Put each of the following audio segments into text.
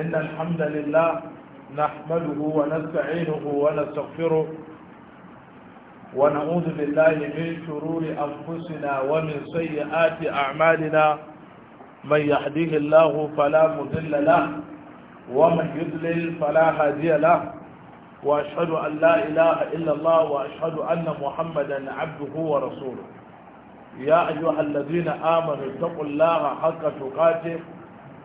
إن الحمد لله نحمده ونستعينه ونستغفره ونعوذ بالله من شرور أنفسنا ومن سيئات أعمالنا من يهديه الله فلا مذل له ومن يضلل فلا هادي له وأشهد أن لا إله إلا الله وأشهد أن محمدا عبده ورسوله يا أيها الذين آمنوا اتقوا الله حق تقاته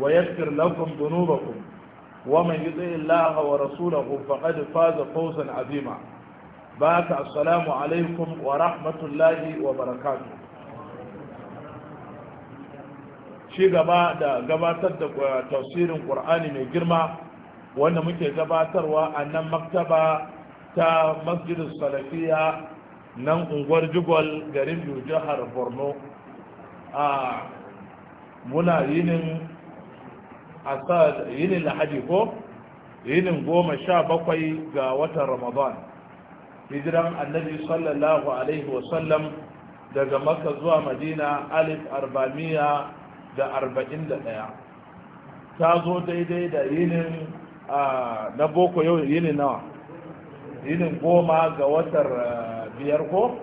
ويغفر لكم ذنوبكم ومن يطع الله ورسوله فقد فاز فوزا عظيما باك السلام عليكم ورحمة الله وبركاته shi gaba da gabatar da tafsirin ƙur'ani mai girma wanda muke gabatarwa a nan maktaba ta masjidin salafiya nan unguwar jigwal garin biyu jihar borno a muna yinin a sa yinin lahadi ko yinin goma sha bakwai ga watan ramadan hijiran annabi sallallahu alaihi wasallam daga makka zuwa madina alif arba'amiya da arba'in da ɗaya ta zo daidai da yinin na boko yau yinin nawa yinin goma ga watar biyar ko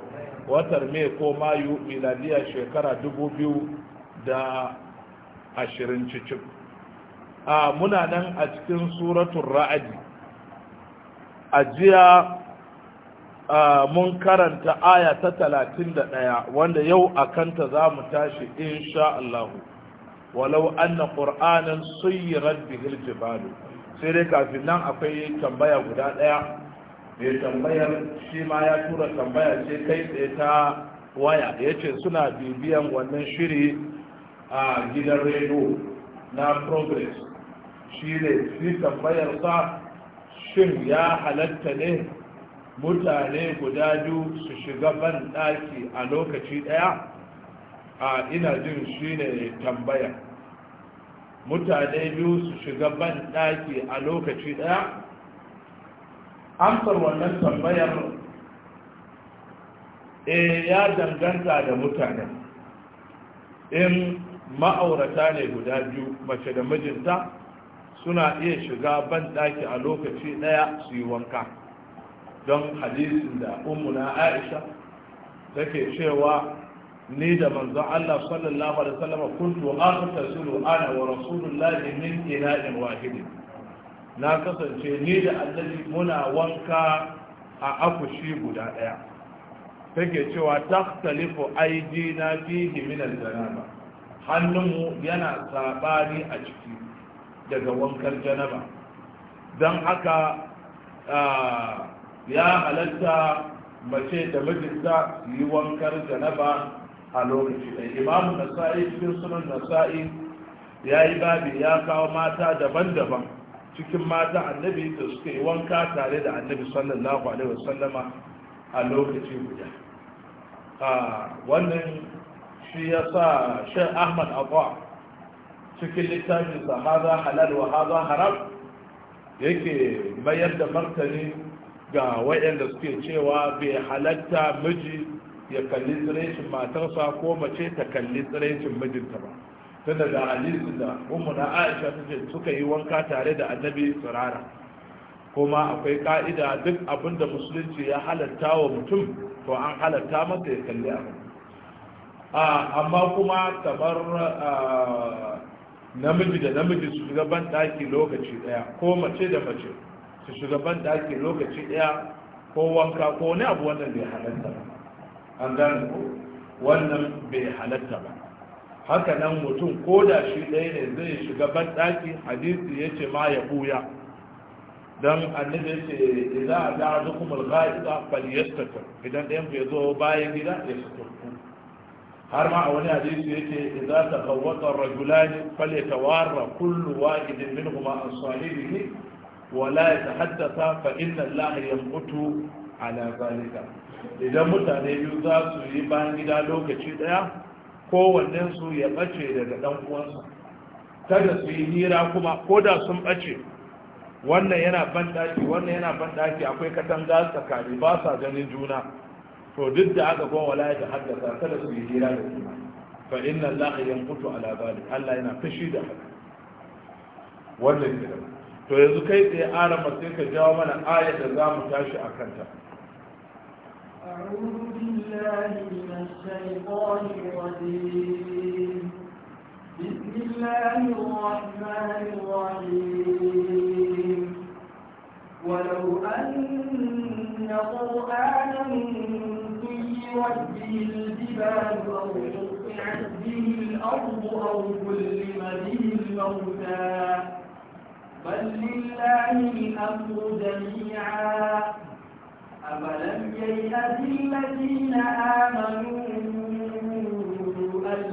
watar mai ko mayu miladiya shekara dubu biyu da ashirin cicin Aa muna nan a cikin suratun ra'adi a jiya mun karanta aya ta talatin da ɗaya wanda yau a kanta za mu tashi insha Allah walau anna qur'anan suyirat bihil jibalu sai dai kafin nan akwai tambaya guda ɗaya mai tambayar shi ma ya tura tambaya ce kai tsaye ta waya ya ce suna bibiyan wannan shiri a gidan rediyo na progress shine shi tambayar sa shin ya halatta ne mutane guda biyu su shiga ban daki a lokaci daya a ina jin shine tambaya mutane biyu su shiga ban daki a lokaci daya amsar wannan tambayar e ya danganta da mutane in ma'aurata ne guda biyu mace da mijinta suna iya shiga ban daki a lokaci daya su yi wanka don hadisin da na aisha take cewa ni da manzon Allah sallallahu alaihi wasallam kuntu sulu ana wa rasulullahi min ina'in wahid na kasance ni da annabi muna wanka a akushi guda daya take cewa takhtalifu aidina fihi min al-janaba hannunmu yana sabani a ciki daga wankar janaba don haka ya halatta mace da mijinta yi wankar janaba a lokaci da imamu nasa'i cikin sunan nasa'i ya yi babi ya kawo mata daban-daban cikin mata annabi da suka yi wanka tare da annabi sallallahu alaihi wasallama a lokaci guda wannan shi ya sa shan ahmad abuwa cikin littafinsa haza halal wa haza haram yake mayar da martani ga wayanda suke cewa bai halatta miji ya kalli tsiraicin matarsa ko mace ta kalli tsiraicin mijinta ba tunda da hadisin da umu na aisha ta suka yi wanka tare da annabi tsirara kuma akwai ka'ida duk abinda musulunci ya halatta wa mutum to an halatta masa ya kalli abin ah, amma kuma kamar ah, namiji da namiji su shiga ban daki lokaci daya ko mace da mace su shiga ban daki lokaci daya ko wanka ko wani abu wannan bai halatta ba an gane ko wannan bai halatta ba haka nan mutum ko da shi ɗaya ne zai shiga ban daki hadisi ya ce ma ya buya don annabi ya ce idza da azukum al fal falyastatir idan ɗayan ku ya zo bayan gida ya sutur har ma a wani hadisi yake idza taqawwata ar-rajulan falyatawarra kullu wahidin minhuma an sahibihi wa la yatahaddatha fa inna Allah yamqutu ala zalika idan mutane biyu za su yi bayan gida lokaci daya kowannen su ya bace daga dan uwansa kada su yi hira kuma ko da sun bace wannan yana ban daki wannan yana ban daki akwai katanga tsakani ba sa ganin juna فضد عقب ولا يتحدث ثلاث بجلال الإيمان فإن الله ينقص على ذلك ألا ينقشي ده وذلك فإذا كيف أعلم السيكة جاوبنا آية الزام تاشي أكنت أعوذ بالله من الشيطان الرجيم بسم الله الرحمن الرحيم ولو أن قرآنا سيرت به الجبال أو قطعت به الأرض أو كلم به الموتى بل لله الأمر جميعا أفلم ييأت الذين آمنوا أن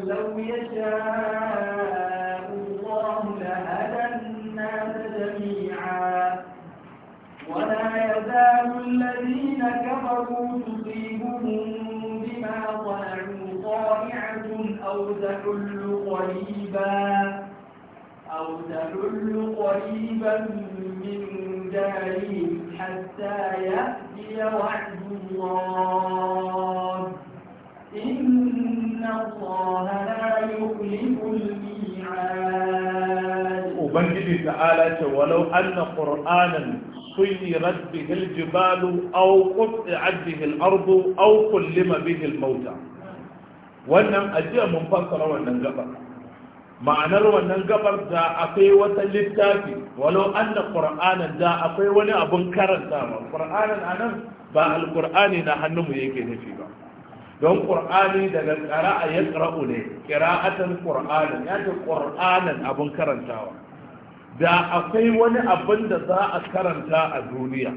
لو يشاء الله لهدى الناس جميعا ولا يزال الذين كفروا تصيبهم أو تحل قريبا أو تحل قريبا من دارهم حتى يأتي وعد الله إن الله لا يخلف الميعاد وبنجد تعالى ولو أن قرآنا سيرت به الجبال أو قطعت به الأرض أو كلم به الموتى wannan ajiya mun fassara wannan gabar ma'anar wannan gabar da akwai wata littafi walau anna qur'anan da akwai wani abun karantawa a nan ba Alƙur'ani na hannunmu yake nufi ba don ƙur'ani daga qara'a yaqra'u ne qira'atan qur'anan ya ce qur'anan abin karantawa da akwai wani abun da za a karanta a duniya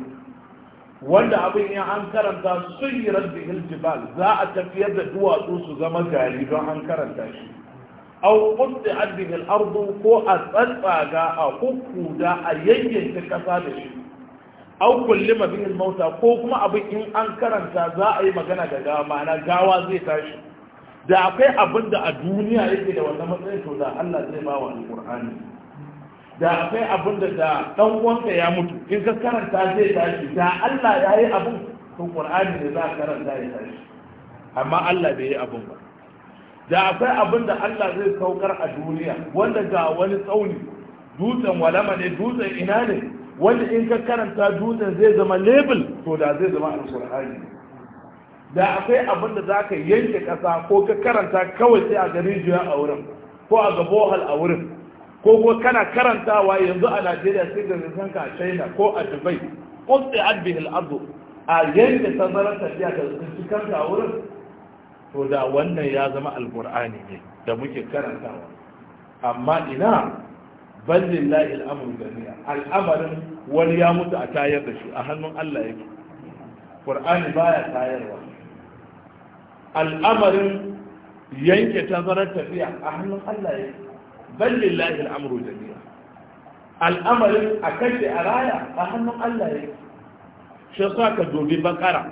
wanda abin ya an karanta sun yi rabbi iljibal za a tafiyar da duwatsu su zama gari don an karanta shi au qudda abin ko a tsantsaga a da a yayyanka kasa da shi au kulli bihi al-mauta ko kuma abin in an karanta za a yi magana da gawa ma'ana gawa zai tashi da akwai abin da a duniya yake da wannan matsayin to da Allah zai ba wa alqur'ani da akwai abin da da dan uwanka ya mutu in ka karanta zai tashi da Allah ya yi abin to Qur'ani ne za ka karanta ya tashi amma Allah bai yi abin ba da akwai abin da Allah zai saukar a duniya wanda ga wani tsauni dutsen walama ne dutsen ina ne wanda in ka karanta dutsen zai zama label to da zai zama alqur'ani da akwai abin da zaka yanke kasa ko ka karanta kawai sai a gari jiya a wurin ko a ga bohal a wurin ko ko kana karantawa yanzu a Najeriya sai da zan ka China ko a Dubai qutti bihi al-ardu a yanda tazarar tafiya da tsinci kanka a wurin to da wannan ya zama alqur'ani ne da muke karantawa amma ina ballillahi al-amru jami'a al'amarin wani ya mutu a tayar da shi a hannun Allah yake qur'ani baya tayarwa al'amarin yanke tazarar tafiya a hannun Allah yake bal lillahi al'amru jami'a al'amarin a kashe a raya a hannun Allah ya shi sa ka dobi bakara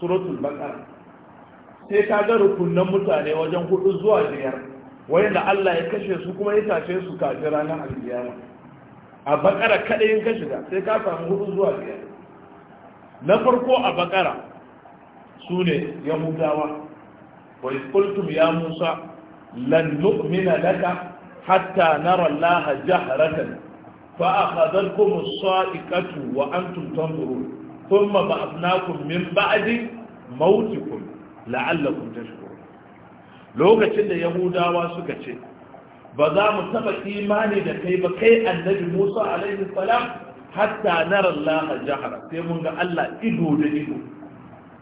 suratul bakara sai ka ga rukunan mutane wajen hudu zuwa biyar wanda Allah ya kashe su kuma ya tashe su kafin ranar alkiyama a bakara kadai in ka shiga sai ka samu hudu zuwa biyar na farko a bakara su ne yahudawa wa qultum ya musa lan nu'mina laka hatta nara Allah jahratan fa akhadhakum as-sa'iqatu wa antum tanzurun thumma ba'athnakum min ba'di mautikum la'allakum tashkurun lokacin da yahudawa suka ce ba za mu taba imani da kai ba kai annabi Musa alaihi salam hatta nara Allah jahara sai mun ga Allah ido da ido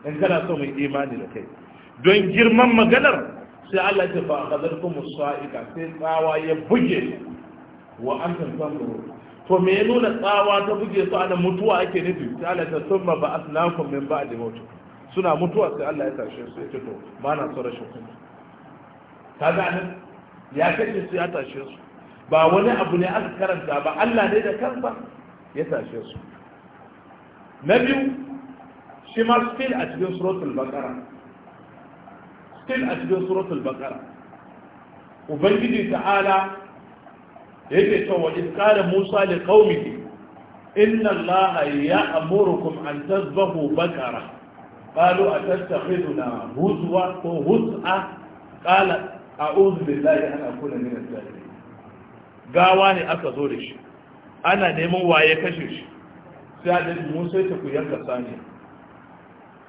in kana so mu imani da kai don girman maganar sai Allah ta fa kadar kuma sa'ika sai tsawa ya buge wa an tantan to me ya nuna tsawa ta buge su ana mutuwa ake nufi sai Allah ta sun ba aslakum min ba'di maut suna mutuwa sai Allah ya tashe su ya ce to ba na so rashin kuma kaga nan ya kace su ya tashe su ba wani abu ne aka karanta ba Allah ne da kansa ya tashe su na biyu shi ma fil a cikin suratul baqara tun a cikin suratul baqara ubangiji ta'ala yake cewa in qala musa li qaumihi inna allaha ya'murukum an tazbahu baqara qalu atattakhiduna huzwa wa huz'a qala a'udhu billahi an akuna min al-jahilin gawa ne aka zo da shi ana neman waye kashe shi sai da musa ta ku yanka saniya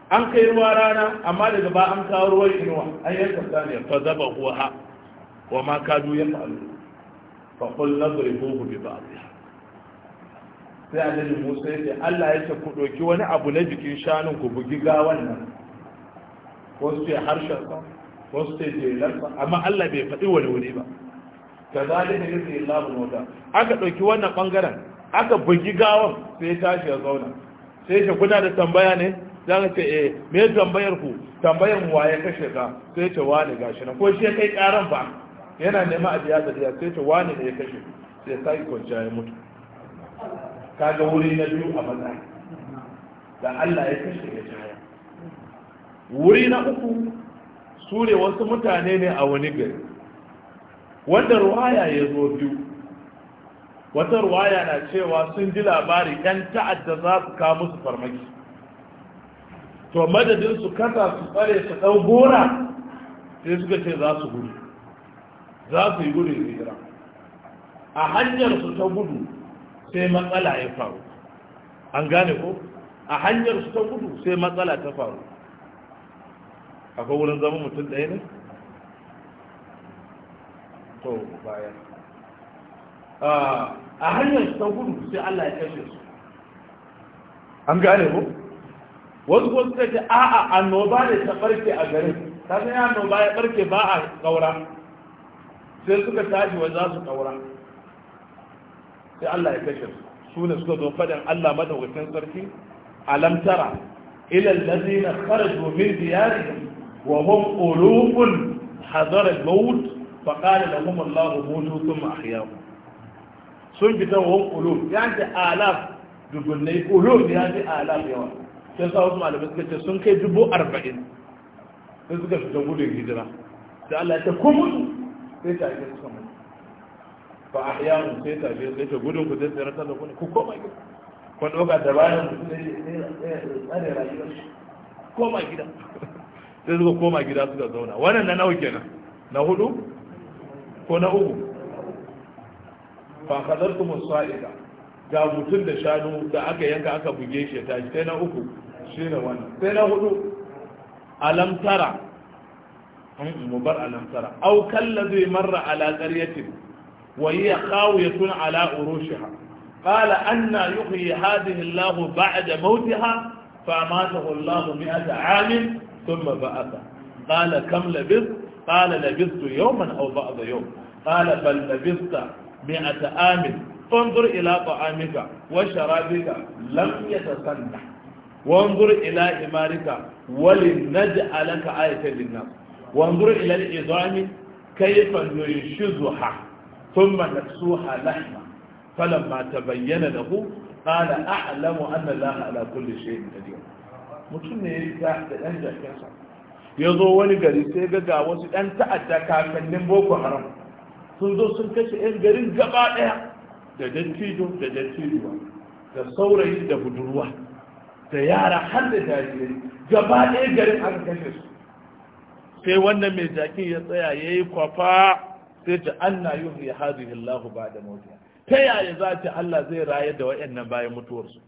an kai ruwa rana amma daga ba an kawo ruwan inuwa an yi yanka ne fa zaba huwa ha wa ma kadu ya fa'alu fa qul nadribuhu bi ba'dih sai annabi Musa ya ce Allah ya ce ku ɗauki wani abu na jikin shanun ku bugi ga nan wasu ce harshen sa wasu ce jelar sa amma Allah bai faɗi wani wuri ba ka zali da yake Allah mota aka ɗauki wannan ɓangaren aka bugi gawan sai ya tashi ya zauna sai ya guda da tambaya ne za ka ce eh me tambayar ku tambayar mu waye kashe ka sai ta wani gashi nan ko shi ya kai karan ba yana nema a biya da biya sai ta wani ne ya kashe sai sai kwanciya ya mutu kaga wuri na biyu a matsayi da Allah ya kashe ya jaya wuri na uku sure wasu mutane ne a wani gari wanda ruwaya ya zo biyu wata ruwaya na cewa sun ji labari 'yan ta'adda za su kawo musu farmaki to madadin su kasa su tsare su ɗau gora sai suka ce za su gudu za su yi gudu jira, a hanyar su ta gudu sai matsala ya faru an gane ko a hanyar su ta gudu sai matsala ta faru akwai wurin zama mutum ɗaya ne to bayan a hanyar su ta gudu sai allah ya kashe su an gane ko wasu kuma suka ce a'a annoba ne ta barke a garin ta san ya annoba ya barke ba a kaura sai suka tashi wa za su kaura sai Allah ya kashe su su ne suka zo faɗin Allah madaukakin sarki alam tara ila allazina kharaju min diyarihim wa hum ulufun hadara al-maut fa qala lahum Allah mutu thumma ahyahum sun fita wa hum uluf ya ce alaf dubunnai uluf ya ce alaf yawa sun sa wasu malamai suka ce sun kai dubu arba'in Sun suka fita gudun hijira da Allah ta kuma sai ta ake suka mutu fa ahyanu sai ta je sai ta gudun ku zai tsira ta kuma ku koma gida ko doka da bayan ku sai tsare rayuwar koma gida sai suka koma gida suka zauna wannan na nawa kenan na hudu ko na uku fa a sa'ida ga mutum da shanu da aka yanka aka buge shi ta sai na uku shi da wani sai na hudu alamtara hmm, mu bar alamtara au kallazi marra ala qaryatin wa hiya khawiyatun ala urushiha qala anna yuhyi hadhihi Allahu ba'da mawtiha famatahu Allahu mi'ata 'amin thumma ba'atha qala kam yau qala labithtu yawman aw ba'da yawm qala bal labithta mi'ata 'amin فانظر إلى طعامك وشرابك ta sanda. wanzur ila imarika walin naj'alaka ayatan linnas wanzur ila al'izami kayfa nunshizuha thumma naksuha lahma falamma tabayyana lahu qala a'lamu anna allaha ala kulli shay'in mutum ne ya da dan jakinsa ya zo wani gari sai ga ga wasu ɗan ta'adda kakannin boko haram sun zo sun kashe yan garin gaba ɗaya, da dattijo da dattijuwa da saurayi da budurwa da yara har da jarirai gaba ɗaya garin an kashe su sai wannan mai jakin ya tsaya ya yi kwafa sai ta anna yuhri hadhihi Allah ba da mawtiha ta yaya za ta Allah zai rayar da wayannan bayan mutuwarsu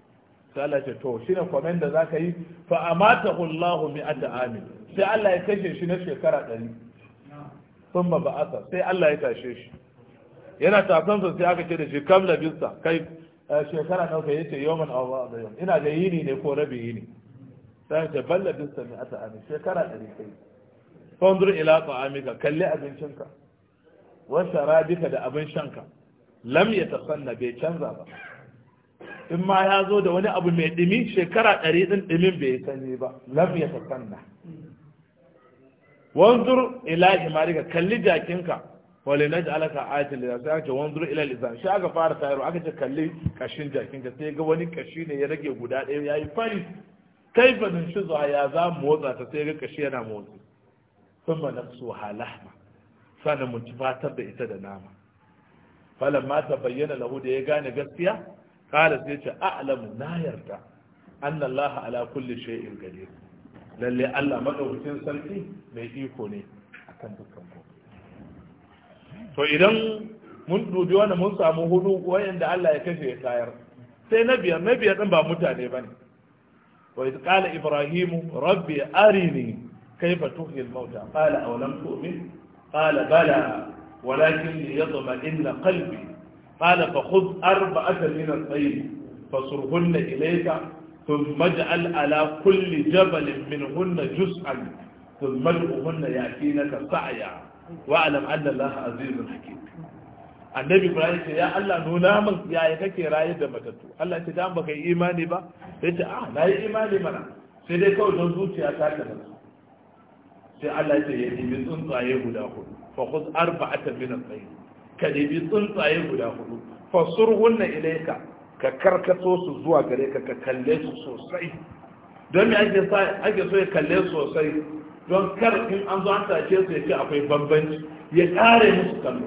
sai Allah ce to shi ne kwamen da ka yi fa a amatahu mi mi'ata amin sai Allah ya kashe shi na shekara ɗari. 100 thumma ba'atha sai Allah ya tashe shi yana tafansa sai aka ce da shi kam labista kai Eh, shekara nauka yace yawan awa da yau, ina ga yini ne ko rabi yini sai ta balla din sami ata ani shekara da kai fanzur ila ta'amika kalli abincinka wa sharabika da abin shanka lam yatasanna bai canza ba in ma ya zo da wani abu mai dimi shekara ɗari din ɗimin bai sani ba lam ya tasanna wanzur ila himarika kalli jakinka wale na ji alaka ayatul lisan sai aka wanzuru ila lisan shi aka fara tayaro aka ce kalli kashin jakin ka sai ga wani kashi ne ya rage guda ɗaya yayi fari kai fa din shi zuwa ya za motsa ta sai ga kashi yana motsi thumma nafsu halahma sana mun fatar da ita da nama falan mata bayyana lahu da ya gane gaskiya kala sai ce a'lamu na yarda anna Allah ala kulli shay'in qadir lalle Allah madaukakin sarki mai iko ne akan dukkan ku. to idan mun dubi wani mun samu hudu wayanda Allah ya kashe ya tayar sai na biyar na biyar din ba mutane ba ne wa idh qala ibrahimu rabbi arini kayfa tuhyi al-mauta qala aw lam tu'min qala bala walakin liyatma'inna qalbi qala fa khudh arba'atan min at-tayr fasurhunna ilayka ثم اجعل على كل جبل منهن جزءا ثم ادعوهن ياتينك سعيا wa'alam Allah Allah azizun hakim annabi ibrahim ce ya Allah nuna min yaya kake rayar da matattu Allah ce dan baka yi imani ba sai ce ah na yi imani mana sai dai kawai don zuciya ta ta sai Allah ya ce ya nemi tsuntsaye guda hudu fa khudh arba'atan min al tayr ka nemi tsuntsaye guda hudu fa surhunna ilayka ka karkato su zuwa gare ka ka kalle su sosai don me ake so ya kalle sosai don kar in an zo an tashe su ya ce akwai bambanci ya kare musu kallo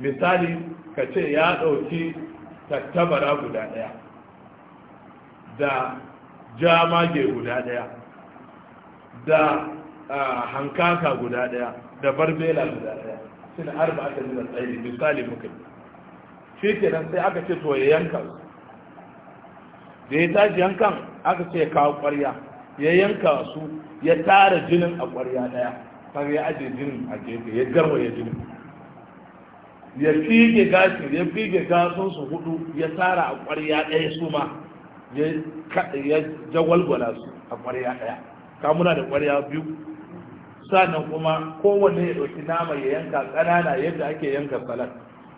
misali ka ce ya ɗauki tattabara guda ɗaya da jamage guda ɗaya da hankaka guda ɗaya da barbela guda ɗaya suna arba aka nuna tsaye misali muka shi nan sai aka ce to ya yanka da ya tashi yankan aka ce kawo ƙwarya ya yanka su ya tara jinin a ƙwarya ɗaya kan ya ajiye jinin a gefe ya garwa ya jinin ya fige gashin ya fige gasun su hudu ya tara a ƙwarya ɗaya su ma ya jagwalgwala su a ƙwarya ɗaya kamuna da ƙwarya biyu sannan kuma kowanne ya ɗauki nama ya yanka ƙanana yadda ake yanka salat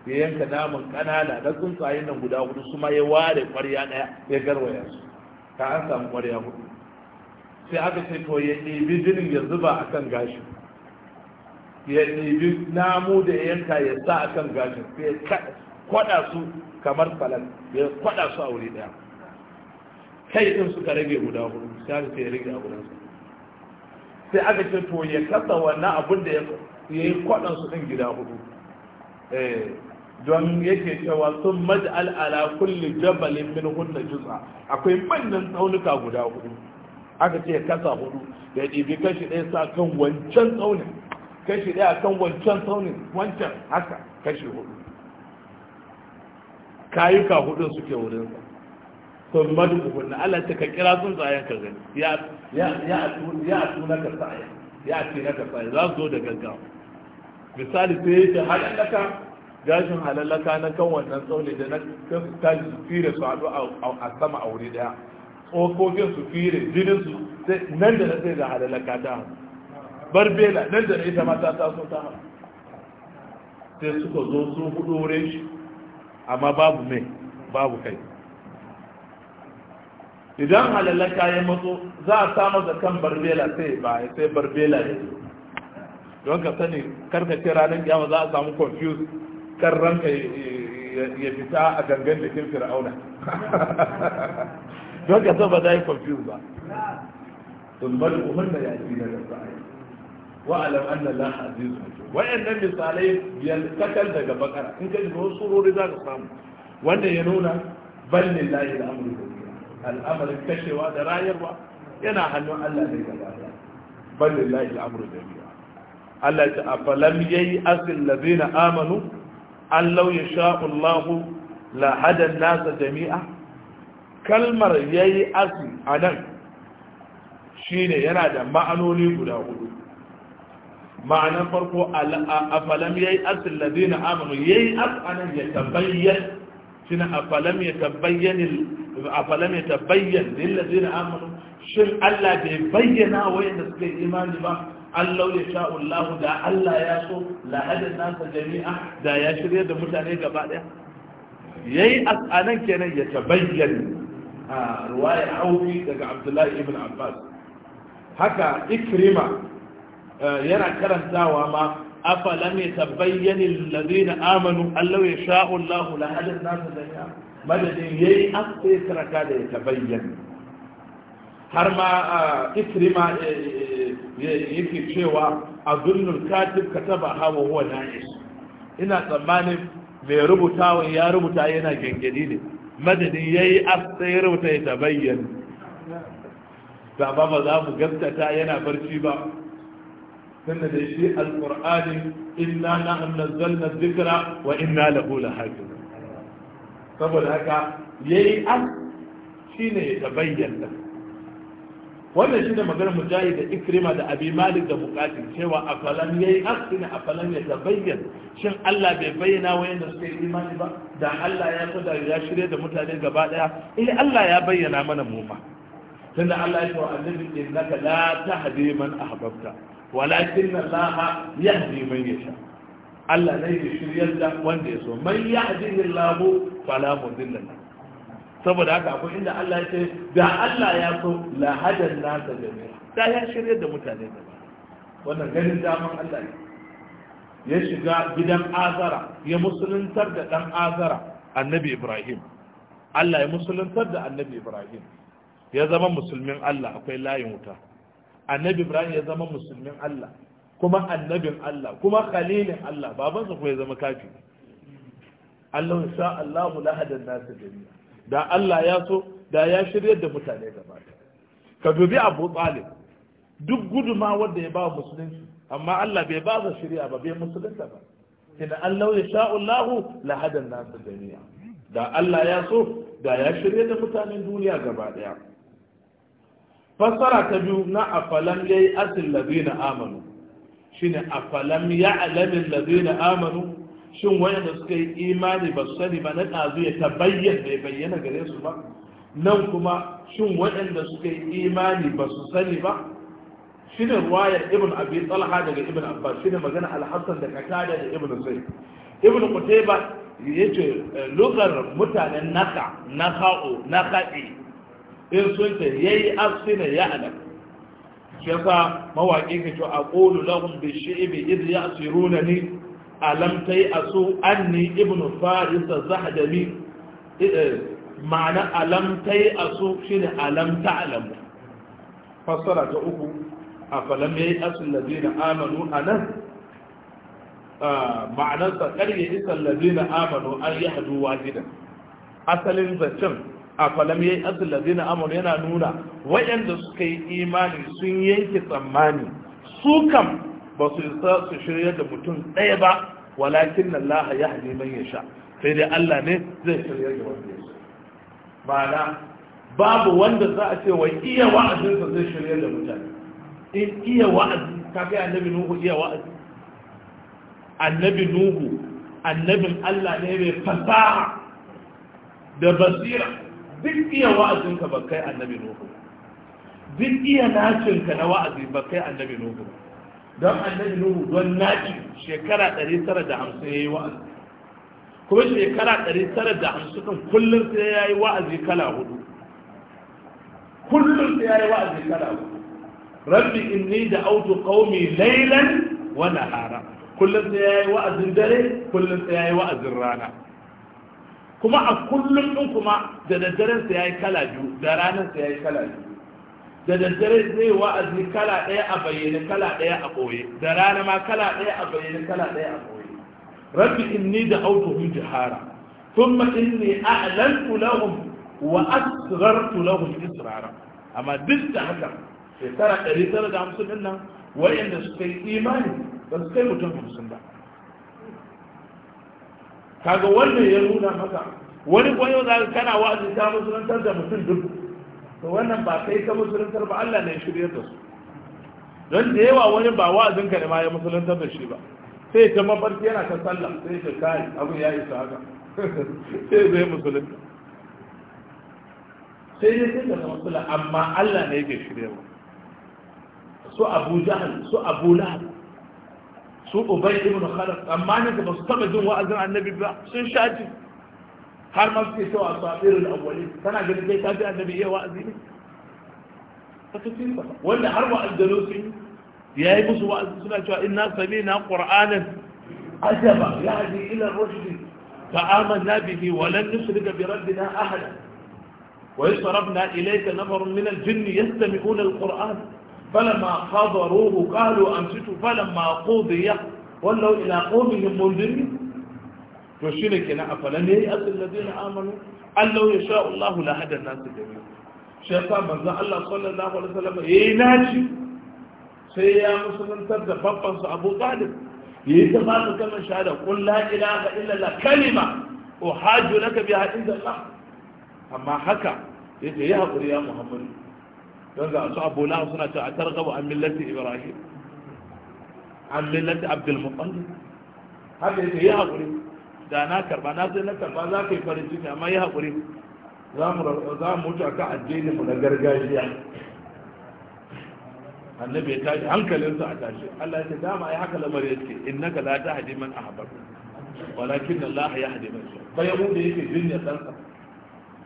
ya yanka naman ƙanana da tsuntsayen nan guda hudu su ma ya ware ƙwarya ɗaya ya garwaya su ka an samu ƙwarya hudu sai aka ce to ya ɗibi jinin ya zuba a kan gashin ya ɗibi namu da ya yanka ya sa a kan gashin sai ya kwaɗa su kamar falal ya kwaɗa su a wuri ɗaya kai ɗin suka rage guda hudu sai aka ce ya rage a gudansu. sai aka ce to ya kasa wannan abin da ya yi kwaɗan su ɗin gida hudu eh, don yake cewa sun maj'al ala kulli jabalin min hunna juz'a akwai manyan tsaunuka guda hudu aka ce kasa hudu da ya ɗibi kashi ɗaya sa kan wancan tsaunin kashi ɗaya kan wancan tsaunin wancan haka kashi hudu kayuka hudu suke wurin to madu kukunna Allah ta ka kira sun tsayen ka gani ya ya tuna ka tsaye ya ce na ka za su zo da gaggawa misali sai ya ce halallaka gashin halallaka na kan wannan tsauni da na kasu tashi su fira su a sama a wuri ɗaya tsokokin su fire jinin su nan da na sai da halalaka ta hannu barbela nan da na ita ma ta taso ta hannu sai suka zo su hudu wurin shi amma babu mai babu kai idan halalaka ya matso za a samu da kan barbela sai ba sai barbela ya zo don ka sani kira ranar kiyama za a samu confuse kan ranka ya fita a gangan da kirfir auna don ka zaba da yi confuse ba sun bari umar da ya ci da sa'ayi wa alam an da laha aziz mutum misalai biyar katal daga bakara in ka ji wasu surori za ka samu wanda ya nuna ballin layi al'amuri al'amarin kashewa da rayarwa yana hannun allah ne gaba ɗaya ballin layi al'amuri da biya Allah ta afalam yayi asil ladina amanu allau ya sha'ullahu lahadan nasa jami'a kalmar ya yi asi a nan shi ne yana da ma'anoni guda hudu ma'anan farko afalam ya yi asin ladina amanu ya yi asanan ya tabbayyan shine afalam ya tabbayyan afalam ya tabbayyan lillazina amanu shin Allah bai bayyana wayanda suka yi imani ba An ya sha Allah da Allah ya so la nasa jami'a da ya shirya da mutane gaba daya yayi asanan kenan ya tabayyan a ruwaya aufi daga Abdullahi ibn Abbas haka ikrima eh, yana karantawa ma mai tabayyani lalina amanu An ya sha Allah la nasa jami'a madadin yayi asai karaka da ya tabayyan har ma ikrima e, e, e, yake cewa a zunnul katib kataba hawa huwa na'is ina tsammanin mai rubutawa ya rubuta yana gengedi ne madadin yayi asta ya rubuta ya tabayyana ba ba ba za mu gaskata yana barci ba tun da shi alqur'ani inna nahnu na zikira wa inna lahu lahafizun saboda haka yayi as shine ya bayyana. wannan shine maganar mujahid da ikrima da abi malik da bukatin cewa a ya yi afalan yayi a afalan ya bayyana. shin Allah bai bayyana wa wayanda suka yi imani ba da Allah ya so ya shirya da mutane gaba daya eh Allah ya bayyana mana mu ma. tunda Allah ya ce wa annabi innaka la tahdi man ahbabta walakin Allah yahdi man yasha Allah ne ya shiryar da wanda ya so man yahdihi Allah fala mudilla saboda haka akwai inda Allah ya ce da Allah ya so la nasa jami'a ta ya shirye da mutane da ba, wannan ganin daman Allah ne ya shiga gidan azara ya musuluntar da dan azara annabi Ibrahim Allah ya musuluntar da annabi Ibrahim ya zama musulmin Allah akwai layin wuta annabi Ibrahim ya zama musulmin Allah kuma annabin Allah kuma khalilin Allah babansa kuma ya zama kafi Allah insha Allah la hadan nasa jami'a da Allah ya so da ya shiryar da mutane gaba ka dubi Abu Talib duk guduma wanda ya ba musulunci amma Allah bai ba shirya ba bai musulunta ba inna Allah ya sha Allahu la hadan nas jami'a da Allah ya so da ya shirya da mutanen duniya gaba daya Fasara ta biyu na afalam yayi asil ladina amanu shine afalam ya'lamil ladina amanu shin wayanda suka yi imani ba su sani ba na ɗazu ya tabayyana bai bayyana gare su ba nan kuma shin waɗanda suka yi imani ba su sani ba shi ne ruwayar ibn abi talha daga ibn abbas shi ne magana alhassan da katada da ibn zai ibn kutaiba ya ce eh, lugar mutanen naka naka'u, naka'i in sun ta ya yi afsina ya halak shi yasa mawaƙi ka ce a ƙolu lahun bi ya idh ya ni alam tai asu anni ibnu faris zahdami eh, eh, ma'ana alamtai tai asu shine alamta alamu. fassara ta uku a falam yayi asul ladina amanu anan ah, ma'anarsa karye isan ladina amanu an yi hadu wahidan asalin zancen a falam yayi asul ladina amanu yana nuna wayanda suka yi imani sun yanke tsammani su kam ba su isa su shirya da mutum ɗaya ba walakin Allah ya hadi man ya sha sai dai Allah ne zai shirya da wanda ya ma'ana babu wanda za a ce wai iya wa'azinsa zai shirya da mutane in iya wa'azi ka ga annabi nuhu iya wa'azi annabi nuhu annabin Allah ne mai fasaha da basira duk iya wa'azinka ba kai annabi nuhu duk iya nacinka na wa'azi ba kai annabi nuhu ba don annabi nuhu don naɗi shekara 950 ya yi wa'azi kuma shekara 950 kan kullum sai ya yi wa'azi kala hudu kullum sai ya yi wa'azi kala hudu rabbi inni da autu qaumi laylan wa nahara kullum sai ya yi wa'azin dare kullum sai ya yi wa'azin rana kuma a kullum din kuma da daddaren sai ya yi kala biyu da ranar sai ya yi kala biyu da daddare zai wa'azi kala ɗaya a bayyane kala ɗaya a ɓoye da rana ma kala ɗaya a bayyane kala ɗaya a ɓoye rabbi inni da autuhum jihara thumma inni a'lantu lahum wa asghartu lahum israra amma duk da haka shekara ɗari tara da hamsin ɗin nan wa'inda suka yi imani ba su kai mutum hamsin ba kaga wannan ya nuna haka wani kwayo za ka kana wa'azi ta musulantar da mutum dubu to wannan ba kai ka musuluntar ba Allah ne shirye da su don da yawa wani ba wa'azin ka ne ma ya musuluntar da shi ba sai ta mafarki yana ta sallah sai ta kai abu ya isa haka sai zai musulunta sai dai sai ta musulun amma Allah ne yake shirye ba su Abu Jahal su Abu Lahab su Ubay ibn Khalaf amma ne ba su taba jin wa'azin Annabi ba sun shaji har ma suke cewa asabirin awwali kana ganin kai ka ji annabi iya wa'azi ne ta tafi wanda har wa'azzalo sun ya yi musu wa'azi suna cewa inna sami'na qur'anan ajaba yahdi ila rushd fa amanna bihi wa lan nusrika bi rabbina ahada وإذ صرفنا إليك نفر من الجن يستمعون القرآن فلما حضروه قالوا أنصتوا فلما قضي ولوا إلى قومهم منذرين to shi ne kenan a fana ne ya asin lazi na amanu allah ya sha allah la hada nasu da biyu shi ya sa manzan allah sallallahu alaihi wasallam ya yi naci sai ya musuluntar da babban su abu talib ya yi ta bata kalmar shahada kun la ilaha illallah kalima o na laka bi hadin da allah amma haka ya ce yi haƙuri ya muhammadu don ga su abu lahab suna ta a targaba an millati ibrahim an millati abdul haka ya ce yi haƙuri da na karba na sai na karba za ka yi farin ciki amma yi haƙuri za mu mutu a kan addini mu na gargajiya annabi ya tashi hankalinsa a tashi Allah ya ce dama ya haka lamar ya yake innaka la tahdi man ahbabta walakin Allah ya hadi man sha fa yamu da yake jinya ɗansa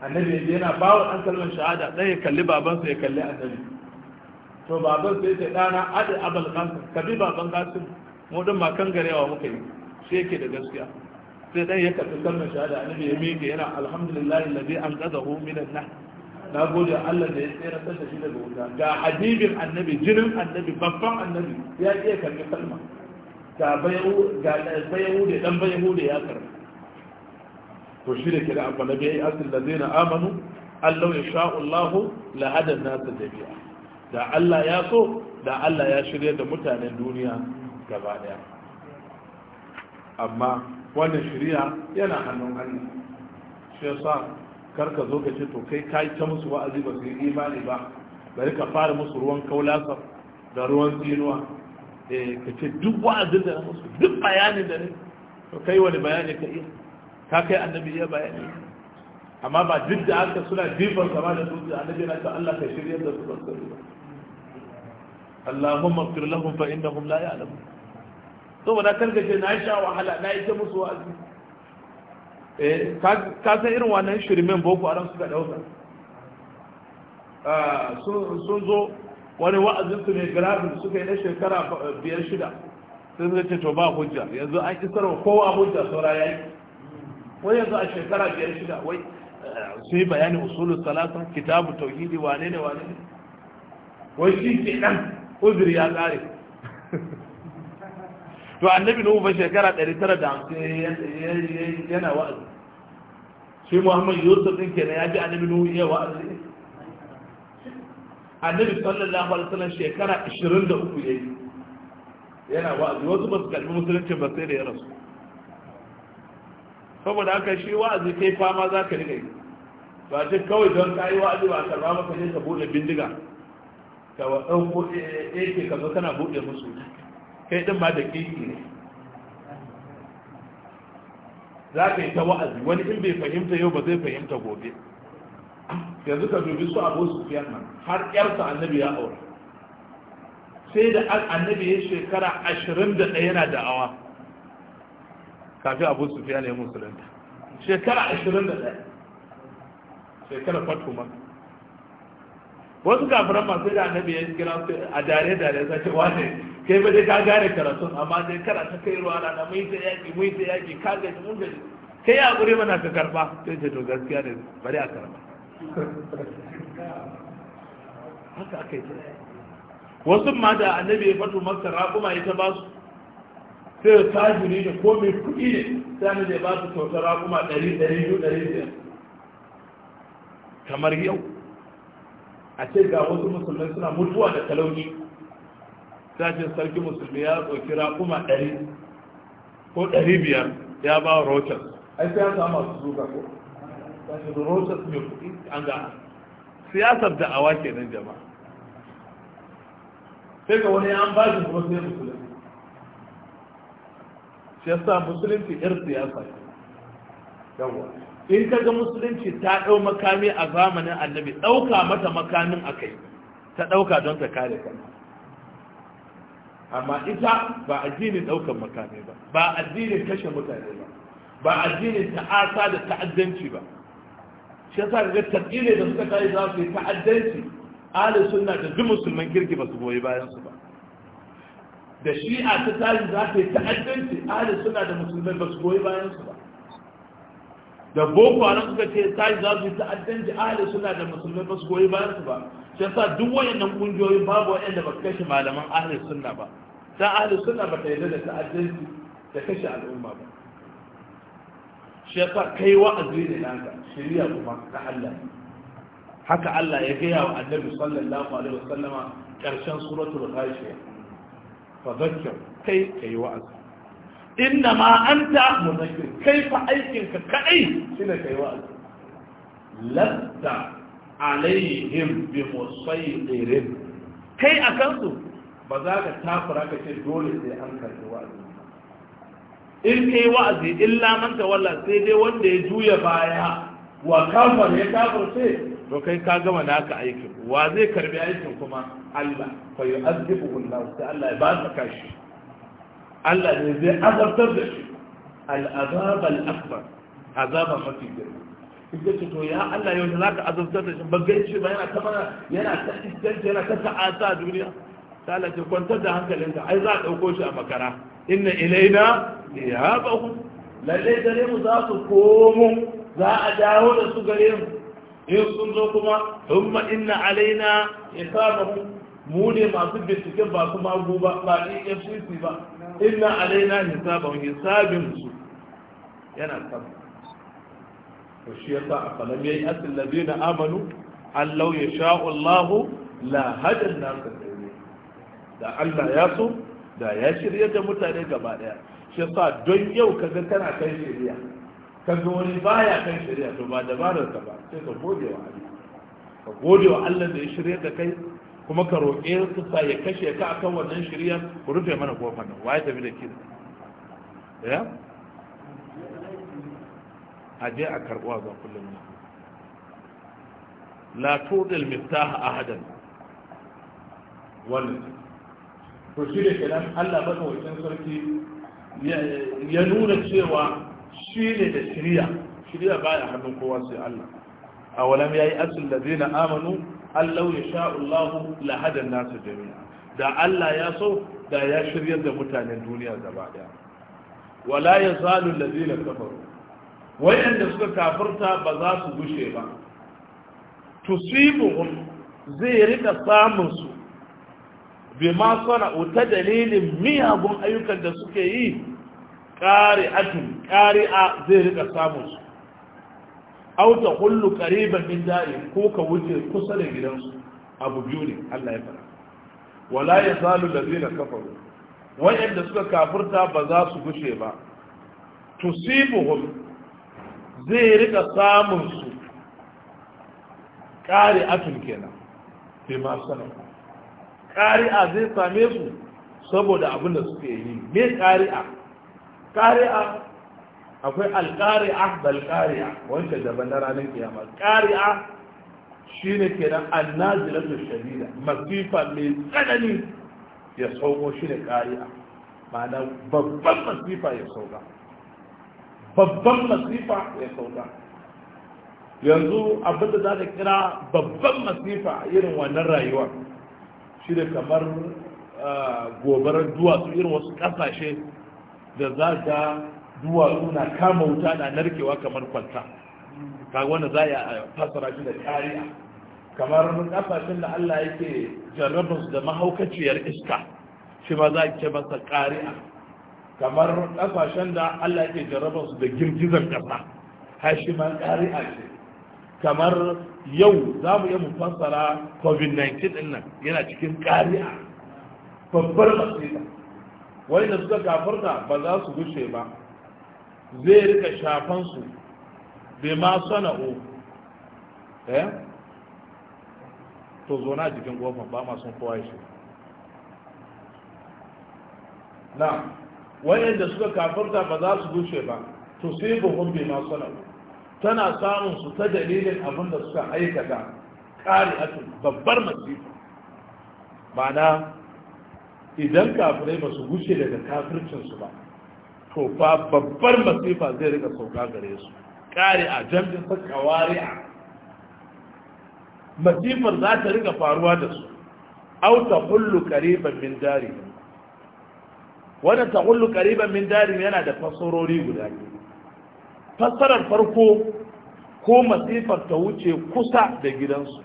annabi yana ba wa kalmar shahada ɗaya ya kalli babansa ya kalli annabi to baban sai ce ɗana adi abal kasim ka bi baban gasin mu din ma kan garewa muka yi sai yake da gaskiya sai dai ya karɓi kalmar shahada annabi ya miƙe yana alhamdulillahi alladhi anqadahu min an-nar na gode Allah da ya tsere da shi daga wuta ga habibin annabi jinin annabi babban annabi ya iya karɓi kalma ga bayahude dan bayahude ya karɓi to shi da ke da amfani da ya yi da zai na amanu Allah ya sha'u Allah la hadan nasa jami'a da Allah ya so da Allah ya shirya da mutanen duniya gaba daya amma wannan shari'a yana hannun Allah shi yasa karka zo ka ce to kai kai ta musu wa'azi ba su yi imani ba bari ka fara musu ruwan kaulasa da ruwan tsinuwa eh ka ce duk wa'azin da na musu duk bayanin da ne to kai wani bayani ka iya ka kai annabi ya bayani amma ba duk da haka suna jifar sama da dutse annabi na ta Allah ka shirya da su ba su ba Allahumma fir lahum fa innahum la ya'lamun saboda karkace na sha wahala na yi ta musu wa'azi eh, ka san irin wannan shirmen boko haram suka dauka ah, sun zo wani wa'azin su ne grafin suka yi na shekara biyar shida sun zai ce to ba hujja yanzu an isar wa kowa hujja saura ya yi wai yanzu a shekara biyar shida wai eh, su yi bayani usulun salasa kitabu tauhidi wane ne wane ne wai shi ke nan uzuri ya tsare to annabi nuhu fa shekara 950 yana wa'azi shi muhammad yusuf din kenan ya ji annabi nuhu iya wa'azi annabi sallallahu alaihi wasallam shekara 23 yayi yana wa'azi wasu ba su kalmi musulunci ba sai da ya rasu saboda haka shi wa'azi kai fama za ka riga yi ba ce kawai don ka yi wa'azi ba karba maka ne ka bude bindiga ka wa ɗauko ake eh, eh, ka kana bude musu kai ɗin ma da kiki ne za ka yi ta wa'azi wani in bai fahimta yau ba zai fahimta gobe yanzu ka dubi su abu su fiyan nan har yarsa annabi ya aure sai da annabi ya shekara ashirin da ɗaya yana da'awa kafin abu su fiyan ya musulunta shekara ashirin da ɗaya shekara fatu maka wasu kafiran masu da annabi ya kira su a dare dare wa wane kai ba dai ka gane karatu amma dai karatu kai ruwa na da yi ta yaki mu ta yaki ka ga mun ga kai ya gure mana ka karba sai ce to gaskiya ne bari a karba haka aka yi wasu ma da annabi ya fato maka raƙuma ya ta basu sai tajiri ne ko mai kuɗi ne sai annabi ya ba su kyautar raƙuma ɗari ɗari biyu ɗari biyar kamar yau a ce ga wasu musulmai suna mutuwa da talauci sashen sarki musulmi ya tsoki rakuma ɗari ko ɗari biyar ya ba wa rochas ai sai an samu masu zuga ko sashen rochas mai kuɗi an ga siyasar da awa kenan jama'a sai ga wani an ba shi kuma sai musulmi shi musulmi musulunci yar siyasa yawon in ka ga musulunci ta ɗau makami a zamanin annabi ɗauka mata makamin a kai ta ɗauka don ta kare kanta amma ita ba addinin ɗaukan makami ba ba addinin kashe mutane ba ba addinin ta'asa da ta'addanci ba shi yasa ga tabile da suka kai za su yi ta'addanci ahlus sunna da duk musulman kirki ba su goyi bayan su ba da shi'a ta tarihi za su yi ta'addanci ahlus sunna da musulman ba su goyi bayan su ba da boko nan suka ce sai za su yi ta'addanci ahli suna da musulmai ba su goyi bayan su ba shi yasa duk wayannan kungiyoyi babu wayanda ba su kashe malaman ahli suna ba ta ahli suna ba ta yi da ta'addanci da kashe al'umma ba shi yasa kai wa'azi ne nan ka shari'a kuma ta Allah haka Allah ya gaya wa annabi sallallahu alaihi wasallama karshen suratul ghashiya fa zakkar kai kai wa'azi inna ma anta muzakkir kai fa aikin ka shi shine kai wa lasta alaihim bi musayyirin kai akan su ba za ka tafura ka ce dole sai an karbi wa in kai wa'azi illa man walla sai dai wanda ya juya baya wa kafar ya kafirce to kai ka gama naka aikin wa zai karbi aikin kuma Allah fa yu'azzibuhu Allah sai Allah ya ba ka kashi Allah ne zai azabtar da shi al'azab al'akbar azaba mafi girma inda ce to ya Allah yau za ka azabtar da shi ba gaishe ba yana kama yana ta iskanci yana ta ta'asa a duniya ta Allah ce kwantar da hankalinka ai za a ɗauko shi a makara inna ilaina ya ba ku lallai gare mu za su komo za a dawo da su gare mu in sun zo kuma thumma inna alaina ya isamahum mu ne masu binciken ba kuma ba ba EFCC ba inna alaina hisaban hisabin su yana kan to shi yasa a falam yayi asil ladina amanu allau yasha'u Allah la hada an da Allah ya so da ya shirya da mutane gaba daya shi yasa don yau kaga kana kai shirya kaga wani baya kan shirya to ba dabarar ka ba sai ka gode wa Allah ka gode wa Allah da ya shirya da kai kuma ka roƙe su sa ya kashe ka a kan wannan shirya ku rufe mana kofar nan waye tafi da ki ya a je a karɓuwa ga kullum ne la tudil miftaha ahadan wannan to shi ne kenan Allah baka wajen sarki ya nuna cewa shi ne da shirya shirya baya hannun kowa sai Allah a walam yayi asul ladina amanu allau ya sha Allahu lahadan nasu jami'a da Allah ya so da ya shiryar da mutanen duniya gaba daya wala yazalu allazina kafaru wayanda suka kafirta ba za su gushe ba tusibuhum zai rika samun su bima sana'u ta dalilin miyagun ayyukan da suke yi ƙari'atun ƙari'a zai rika samun su aw ta hullu qariban min dari ko ka wuce kusa da gidansu abu biyu ne Allah ya fara wala ya zalu ladina kafaru wa'anda suka kafirta ba za su gushe ba tusibuhum zai rika samun su kare atun kenan sai ma kari'a zai same su saboda abin da suke yi me kari'a kari'a akwai alƙari'a da alƙari'a wancan daban na ranar kiyama ƙari'a shi ne ke nan annazilatu shadida masifa mai tsanani ya sauko shi ne ƙari'a ma'ana babban masifa ya sauka babban masifa ya sauka yanzu abinda za ta kira babban masifa irin wannan rayuwar shi ne kamar ah, gobarar duwatsu irin wasu ƙasashe da za ta duwatsu na kama wuta na narkewa kamar kwanta ka wanda za a fasara shi da kariya kamar kafafin da Allah yake jarrabin su da mahaukaciyar iska shi ma za a ce masa kariya kamar kafafin da Allah yake jarrabin su da girgizar kasa har shi ma kariya ce kamar yau za mu yi mu fasara covid-19 din nan yana cikin kariya babbar masira wani da suka kafarta ba za su gushe ba zai rika shafansu bai ma sana'o eh to zona jikin gwamnan ba ma sun kowa shi na wayanda suka kafarta ba za su gushe ba to sai buhun bai ma sana'o tana samun su ta dalilin abin da suka aikata ƙari a babbar masifa ma'ana idan kafirai ba su gushe daga kafircinsu ba to fa babbar masifa zai rika sauka gare su kare a ta kawari a masifar za ta rika faruwa da su au ta hullu kariban min dari wannan ta hullu kariban min dari yana da fasarori guda fasarar farko ko masifar ta wuce kusa da gidansu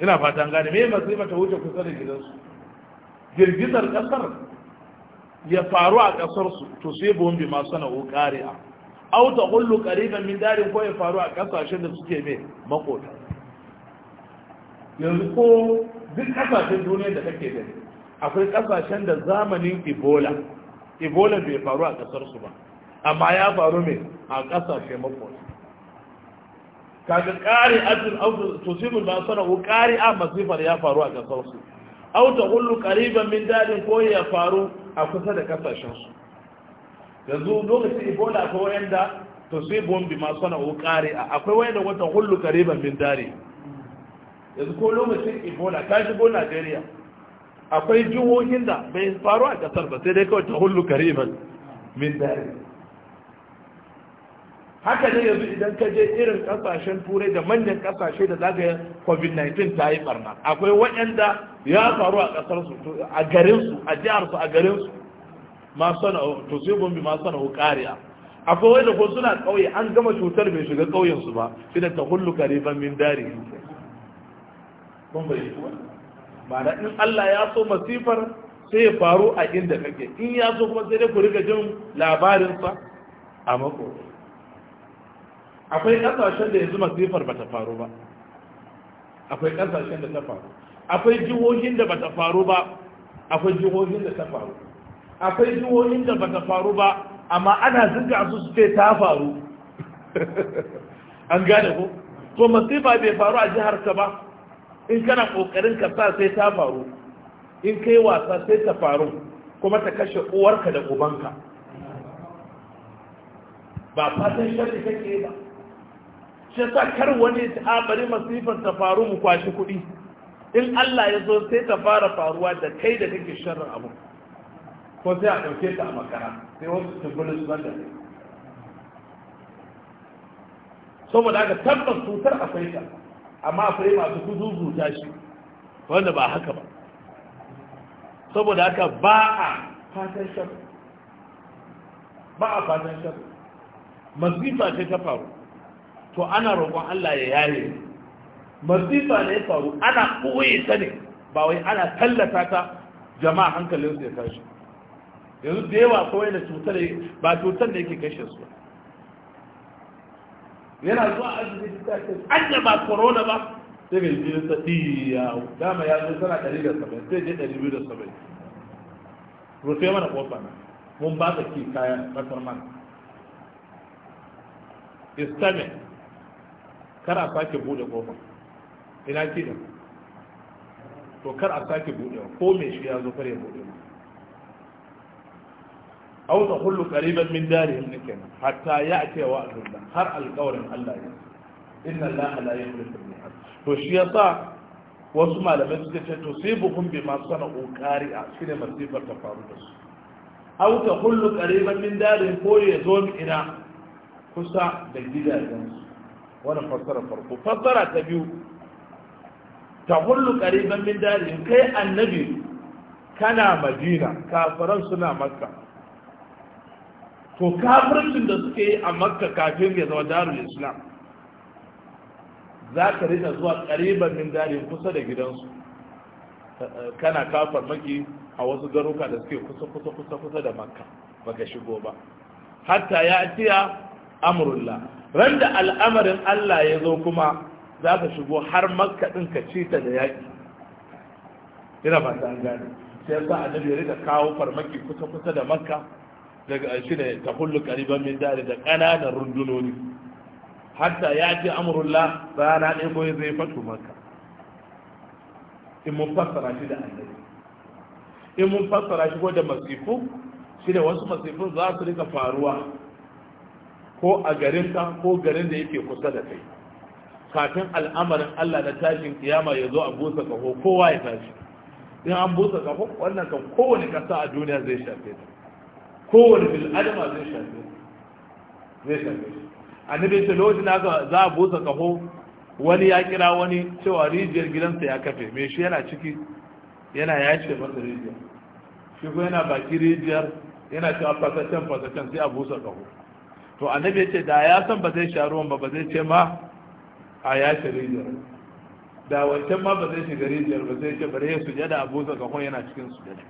ina fatan gane me masifar ta wuce kusa da gidansu girgizar kasar ya faru a ƙasarsu to sai buhun bi ma sana'u ƙari'a au ta hullu ƙariban min darin ko ya faru a ƙasashen da suke mai makota yanzu ko duk ƙasashen duniya da kake gani akwai ƙasashen da zamanin ebola ebola bai faru a ƙasarsu ba amma ya faru mai a ƙasashe makota kaga ƙari ajin au to sai ba sana'u a masifar ya faru a ƙasarsu au ta hullu ƙariban min darin ko ya faru a kusa da kasashensu yanzu lokacin ebola akwai wayanda to sai bombi ma sana o kare akwai wayanda wata hullu kariban min dare yanzu ko lokacin ebola ta shigo najeriya akwai jihohin da bai faru a kasar ba sai dai kawai ta hullu kariban min dare haka ne yanzu idan ka je irin kasashen turai da manyan kasashe da yi covid-19 ta yi barna akwai waɗanda ya faru a ƙasar su a garin su a jihar su a garin su masu to sai gombe masu sana hukariya akwai wanda ko suna ƙauye an gama cutar bai shiga ƙauyen su ba shi da ta hullu ban min dari ma'ana in Allah ya so masifar sai ya faru a inda kake in ya so kuma sai dai ku riga jin labarinsa a makoro akwai kasashen da yanzu masifar ba ta faru ba akwai kasashen da ta faru akwai jihohin da ba ta faru ba akwai jihohin da ta faru akwai jihohin da ba ta faru ba amma ana zirga su su ce ta faru an gane ko to masifa bai faru a jihar ka ba in kana kokarin ka sa sai ta faru in kai wasa sai ta faru kuma ta kashe uwarka da ubanka ba fatan shari'a kake ba shi sa kar wani ta bari masifar ta faru mu kwashi kuɗi in Allah ya zo sai ta fara faruwa da kai da kake sharrin abu ko sai a ɗauke ta a makara sai wasu su su wanda ne saboda haka tabbas cutar akwai ta amma akwai masu zuta shi wanda ba haka ba saboda haka ba a fatan shafi, ba a fatan shafi, masifa ce ta faru to ana roƙon Allah ya yare masifa ne ya faru ana ɓoye ta ne ba wai ana tallata ta jama'a hankalin su ya tashi yanzu da yawa kawai da cutar ba cutar da yake kashe su yana zuwa asibiti ta ce an da ba corona ba sai ga jirgin ta iya dama ya zo tana ɗari da saba'in sai je ɗari biyu da saba'in rufe mana ƙofa na mun ba ta ke kaya ƙasar mana istamin kar a sake bude kofa ina kiɗin to kar a sake bude ko me shi ya zo kare bude ba aw ta hullu qariban min darihim nikan hatta ya'ti wa Allah har alƙawarin Allah ya inna Allah la yukhlifu al-mi'ad to shi ya sa wasu malamai suka ce to sai buhun bi ma sana'u qari'a shine masifar ta faru da su aw ta hullu qariban min darihim ko ya zo ina kusa da gidajensu wannan fassara farko fassara ta biyu ta hullu qariban min darihim kai annabi kana madina kafiran suna makka to kafircin da suke yi a makka kafin ya zama darul islam za ka rika zuwa qariban min darihim kusa da gidansu kana kafar maki a wasu garuka da suke kusa kusa kusa kusa da makka baka shigo ba hatta ya tiya amrullah Randa al'amarin Allah ya zo kuma za ka shigo har makka ɗin ka ci ta da yaƙi ina ba ta an gane sai yasa annabi ya rika kawo farmaki kusa kusa da makka daga shi ne ta hullu ƙariban min dare da ƙananan rundunoni hatta ya ji amurullah rana ɗaya ko zai fatu makka in mun fassara shi da annabi in mun fassara shi ko da masifu shi da wasu masifun za su rika faruwa ko a garinka ko garin da yake kusa da kai kafin al'amarin Allah na tashin kiyama ya zo a busa kaho kowa ya tashi in an busa kaho wannan kan kowane kasa a duniya zai shafe ta kowane adama zai shafe zai shafe A annabi ce lokacin da za a busa kaho wani ya kira wani cewa rijiyar gidansa ya kafe me shi yana ciki yana yace masa rijiyar shi ko yana baki rijiyar yana cewa fasashen fasashen sai a busa kaho to annabi ya ce da ya san ba zai sha ruwan ba ba zai ce ma a ya shi rijiyar da wancan ma ba zai shiga rijiyar ba zai ce bare su sujada abu zaka kun yana cikin sujada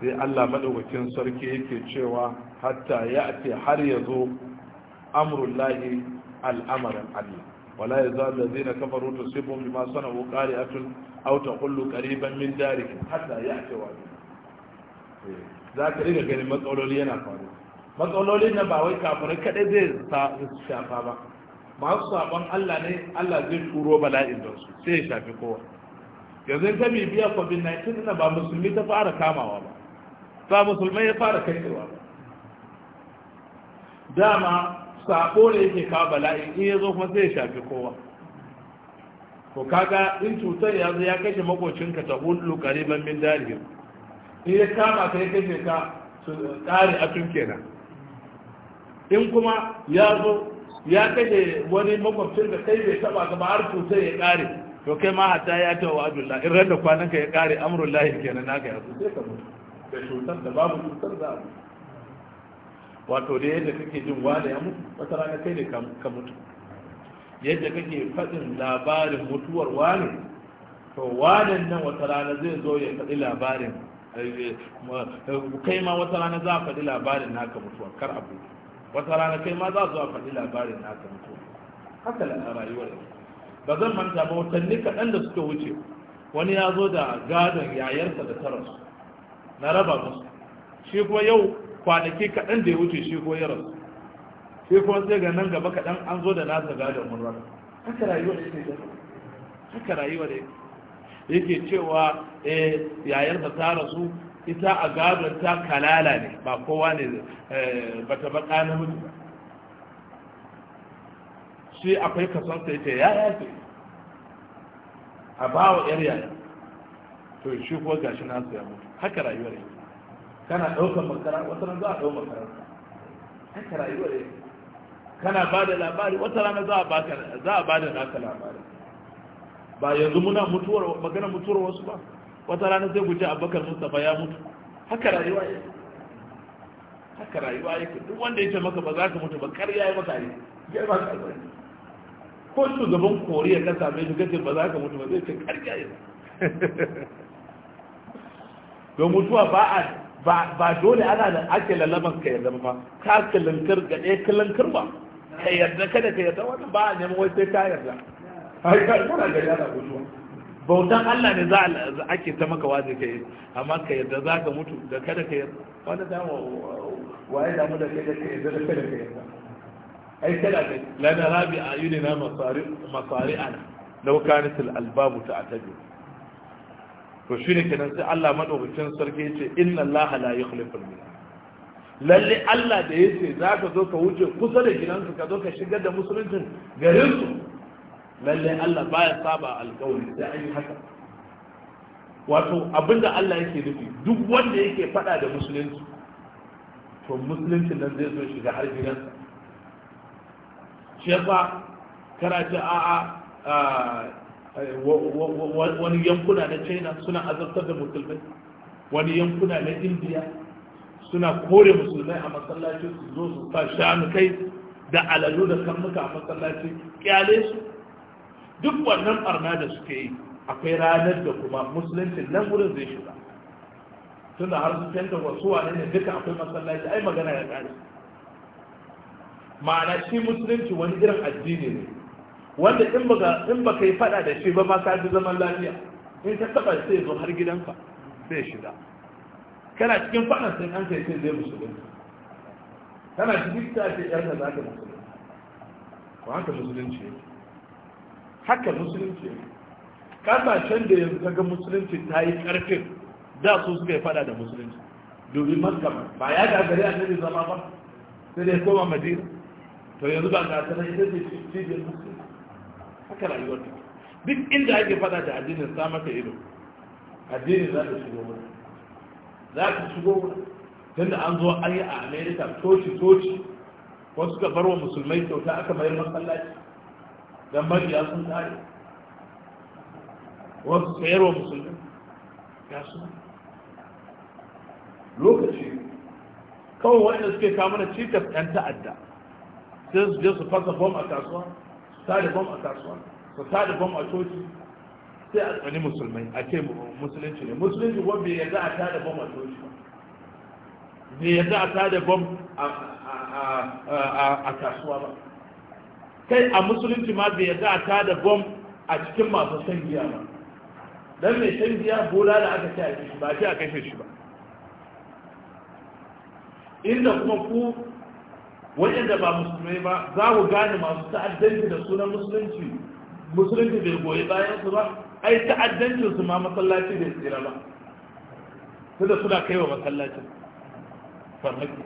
sai Allah madaukakin sarki yake cewa hatta ya ce har ya zo amrullahi al'amarin Allah wala ya za da zai na kafa rutu sai bumbi ma sana ko kare tun auta kullu kariban min dariki hatta ya ce wa eh, za ka riga ganin matsaloli yana faruwa Matsaloli na ba wai kafirai kaɗai zai shafa ba masu sabon Allah ne Allah zai turo bala'in da su sai ya shafi kowa yanzu ta bibiya covid-19 na ba musulmi ta fara kamawa ba ba musulmai ya fara kaiwa ba dama sabo ne yake kawo bala'i in ya zo kuma sai ya shafi kowa ko kaga in cutar ya zo ya kashe makocinka ta hulu kariban min dalil in ya kama ka ya kashe ka su tsari a tun kenan in kuma ya zo ya kaje wani makwabcin da kai bai taba gaba har sai ya kare to kai ma hatta ya ta wa abdullah in da kwanan ka ya kare amrul lahi kenan naka ya zo sai ka mutu da cutar da babu cutar za wato da yadda kake jin wani ya mutu wata rana kai ne ka mutu yadda kake faɗin labarin mutuwar wani to wanan nan wata rana zai zo ya faɗi labarin eh, eh, eh, kai ma wata rana za a faɗi labarin naka mutuwa kar abu wata rana kai ma za su a faɗi labarin naka mutu haka a rayuwar ba zan manta ba watanni kaɗan da suka wuce wani ya zo da gadon yayarsa da tarasu na raba musu shi kuma yau kwanaki kaɗan da ya wuce shi ko ya rasu shi kuma sai ga nan gaba kaɗan an zo da nasa gadon mun raba haka rayuwar yake da haka rayuwar yake cewa eh yayarsa ta rasu ita a gadon ta kalala ne ba kowa ne eh, ba ta baka mutu ba shi akwai kason sai ce ya ya ce a ba wa yar yaya to shi kuwa gashi na su ya mutu haka rayuwar yi kana ɗaukar makara wata ran za a ɗau makara haka rayuwar yi kana ba da labari wata rana za a ba da naka labari ba yanzu muna mutuwar magana mutuwar wasu ba wata rana sai ku ce abubakar mustapha ya mutu haka rayuwa ya haka rayuwa ya duk wanda ya ce maka ba za ka mutu ba kar ya yi maka ne ya ba ka albarka ko shugaban koriya ka same shi kace ba za ka mutu ba zai ce kar ya yi don mutuwa ba a ba dole ana da ake lalaban ka yarda ba ka kalankar ga ɗaya kalankar ba ka yarda kada ka yarda wannan ba a neman wai sai ka yarda har ka kana da yana bautan Allah ne za a ake ta maka wazi ka yi amma ka yarda za ka mutu da kada ka yarda wanda dama waye damu da kai da ka yarda da kada ka yarda ai kada ka lana rabi a yuni na masari masari ana law kanat al albabu ta'tabi to shine kenan sai Allah madaukakin sarki ce, inna Allah la yukhlifu al lalle Allah da yace za ka zo ka wuce kusa da gidansu ka zo ka shigar da musuluncin garinsu lallai Allah baya saba alƙawari sai an yi haka wato abinda Allah yake nufi duk wanda yake faɗa da musulunci to musulunci nan zai zo shiga har gidansa shi yasa a a wani yankuna na china suna azabtar da musulmai wani yankuna na indiya suna kore musulmai a masallaci su zo su sa shanu kai da alalu da karnuka a masallaci kyale su duk wannan barna da suke yi akwai ranar da kuma musulunci nan wurin zai shiga tunda har su canza wasu wane ne duka akwai masallaci ai magana ya kare ma'ana shi musulunci wani irin addini ne wanda in baka in baka yi fada da shi ba ma ka ji zaman lafiya in ka taba sai zo har gidanka sai shiga kana cikin fadan sai an kai sai zai musulunci kana cikin ta ce yarka za ka musulunci ko haka musulunci yake haka musulunci kasashen da yanzu kaga musulunci ta yi ƙarfin da su suka yi fada da musulunci domin makka ba ya gari a cikin zama ba sai dai koma madina to yanzu ba ga sanar ita ce cibiyar musulunci haka rayuwar ta duk inda ake fada da addinin sa maka ido addinin za ta shigo wurin za ta shigo wurin tunda an zo an yi a america toci toci wasu ka bar wa musulmai kyauta aka mayar masallaci don mabiya sun kare wasu tsayarwa musulmi ya su lokaci kawai wanda suke kamuna cikas 'yan ta'adda sai su je su fasa bom a kasuwa su tada bom a kasuwa su tada bom a coci sai a tsani musulmai a ce musulunci ne musulunci kuma bai yarda a tada bom a coci ba bai yarda a tada bom a kasuwa ba kai a musulunci ma bai yarda a da bom a cikin masu shan giya ba dan mai shan giya bola da aka ce a kishi ba ce a kashe shi ba inda kuma ku waɗanda ba musulmai ba za ku gane masu ta'addanci da sunan musulunci musulunci bai goyi bayan su ba ai ta'addanci su ma masallaci bai tsira ba su da suna kai wa masallacin farmaki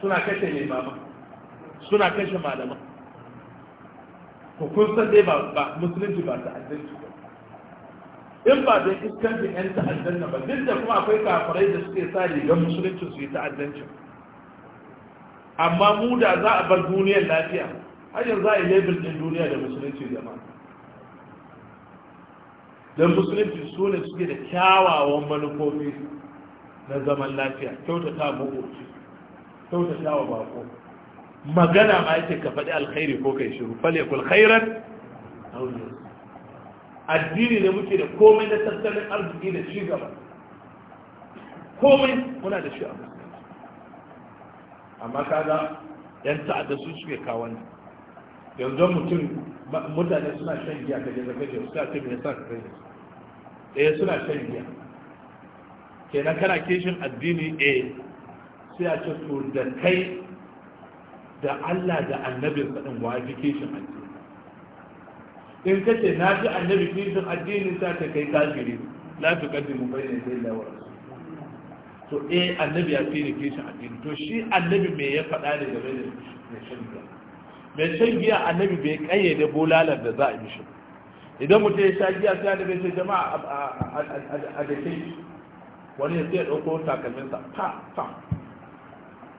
suna kashe ba suna kashe malaman ko kun san dai ba musulunci ba addinci ba in ba dai iskanci yan ta'addan ba duk da kuma akwai kafirai da suke sa rigar musulunci su yi ta'addanci amma mu da za a bar duniyar lafiya har yanzu za a yi label din duniya da musulunci jama'a don musulunci su ne suke da kyawawan manufofi na zaman lafiya kyautata maƙoci kyautata wa bako magana ma yake ka faɗi alkhairi ko kai shiru fal yakul khairan aw addini ne muke da komai na tattalin arziki da ci gaba komai muna da shi a amma kaga yan ta'adda su suke kawo ne yanzu mutum mutane suna shan giya ka jaza kaje su ta me yasa ka kai eh suna shan giya kenan kana kishin addini eh sai a ce to da kai da Allah da annabin faɗin wajikishin addini in ka ce na ji annabi kishin addinin sa ta kai kafiri la fi kaddimu bayyana dai lawar to eh annabi ya fi kishin addini to shi annabi me ya faɗa ne game da mai shan giya mai shan giya annabi bai kayyade bulalar da za a mishi idan mutum ya sha giya sai annabi ce jama'a a da wani ya sai ya ɗauko takalminsa pa pa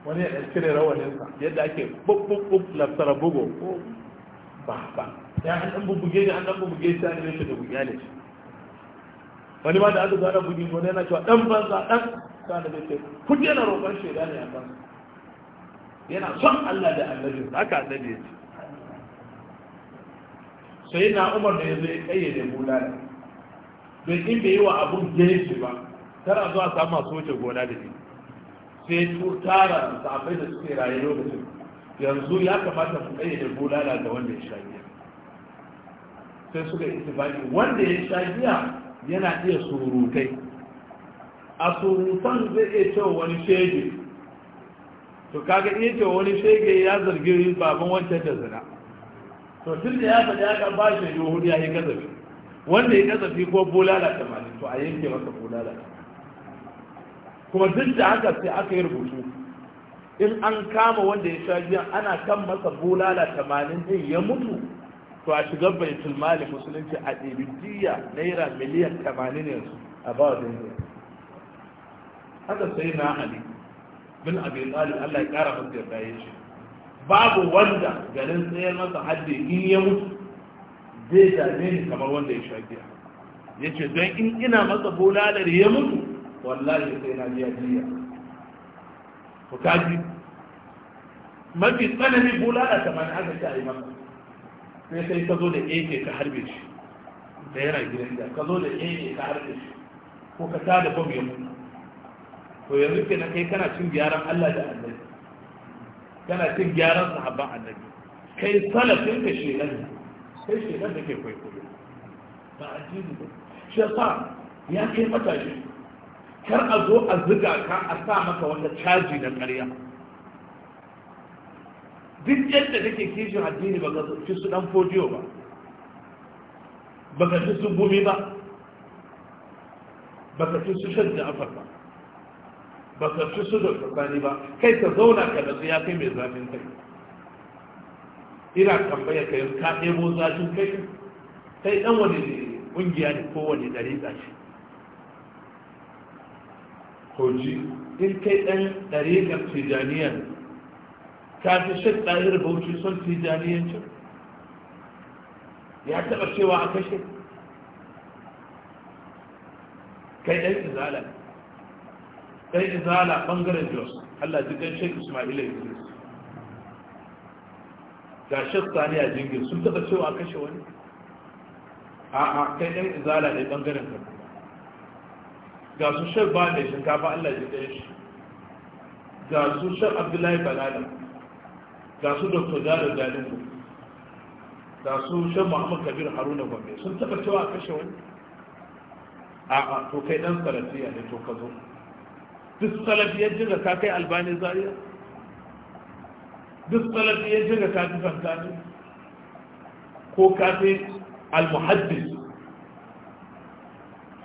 wani ya cire rawaninsa yadda ake bubbubbub lafsara bugo ko ba ba ya an dan bubbuge ne an dan bubbuge shi an rike da bugiya ne wani ma da aka zara bugi ko ne yana cewa dan banza dan sai da ce kun yana roƙon shaida ne a kan yana son Allah da annabi haka annabi yace sai na Umar da yazo ya kayyade bulala don in bai yi wa abun shi ba tara zuwa samu masu wuce gona da shi sai tara da da suke raye lokacin yanzu ya kamata su ɗaya da bulala ga wanda ya sha giya sai suka yi ittifaqi wanda ya sha giya yana iya surutai a surutan zai iya cewa wani shege to kaga iya cewa wani shege ya zargi baban wancan da zina to tun da ya faɗi aka ba shi wuri ya gazafi wanda ya gazafi ko bulala tamanin to a yanke masa bulala tamanin kuma duk da haka sai aka yi rubutu in an kama wanda ya sha giya ana kan masa bulala tamanin din ya mutu to a shigar baitul mali musulunci a ɗibidiyya naira miliyan tamanin yanzu a bawa dangin haka sai na ali bin abi tsari Allah ya kara masa yarda ya ce babu wanda garin tsayar masa haddi in ya mutu zai dame ni kamar wanda ya sha giya ya ce don in ina masa bulalar ya mutu wallahi sai na biya jiya ku kaji mafi tsanani bula a mani aka a yi maka sai sai ka zo da ake ka harbe shi da yana gidan da ka zo da ake ka harbe shi ko ka ta da bam ya mutu to yanzu ke kai kana cin gyaran Allah da annabi kana cin gyaran sahabban annabi kai salafin ka ne kai shelan da ke kwaikwayo ba addini ba shi yasa ya kai matashi kar a zo a ziga ka a sa maka wata caji na ƙarya duk yadda nake kishin addini ba ka fi su dan fodiyo ba ba ka fi su gumi ba ba ka fi su shan ja'afar ba ba ka fi su da tsakani ba kai ka zauna ka da ya kai mai zafin kai ina tambaya kai ka ɗebo zafin kai kai ɗan wani ƙungiya ne ko wani ɗari ce koji in kai ɗan ɗariƙar tijaniyar ka fi shi ɗahir bauchi son tijaniyancin ya taɓa cewa a kashe kai ɗan izala ɗan izala ɓangaren jos allah ji kan shek ismaila idris ga shek sani a jingir sun taɓa cewa a kashe wani a kai ɗan izala ne ɓangaren kanta ga su shar ba mai shinkafa allah ya ɗaya shi ga su shar abdullahi balala ga su dr jaro jalingo ga su shar muhammad kabir haruna gombe sun taɓa cewa a kashe wani a'a to kai ɗan salafiya ne to ka zo duk salafiyar jirga ka kai albani zariya duk salafiyar jirga ka fi fantani ko ka fi almuhaddis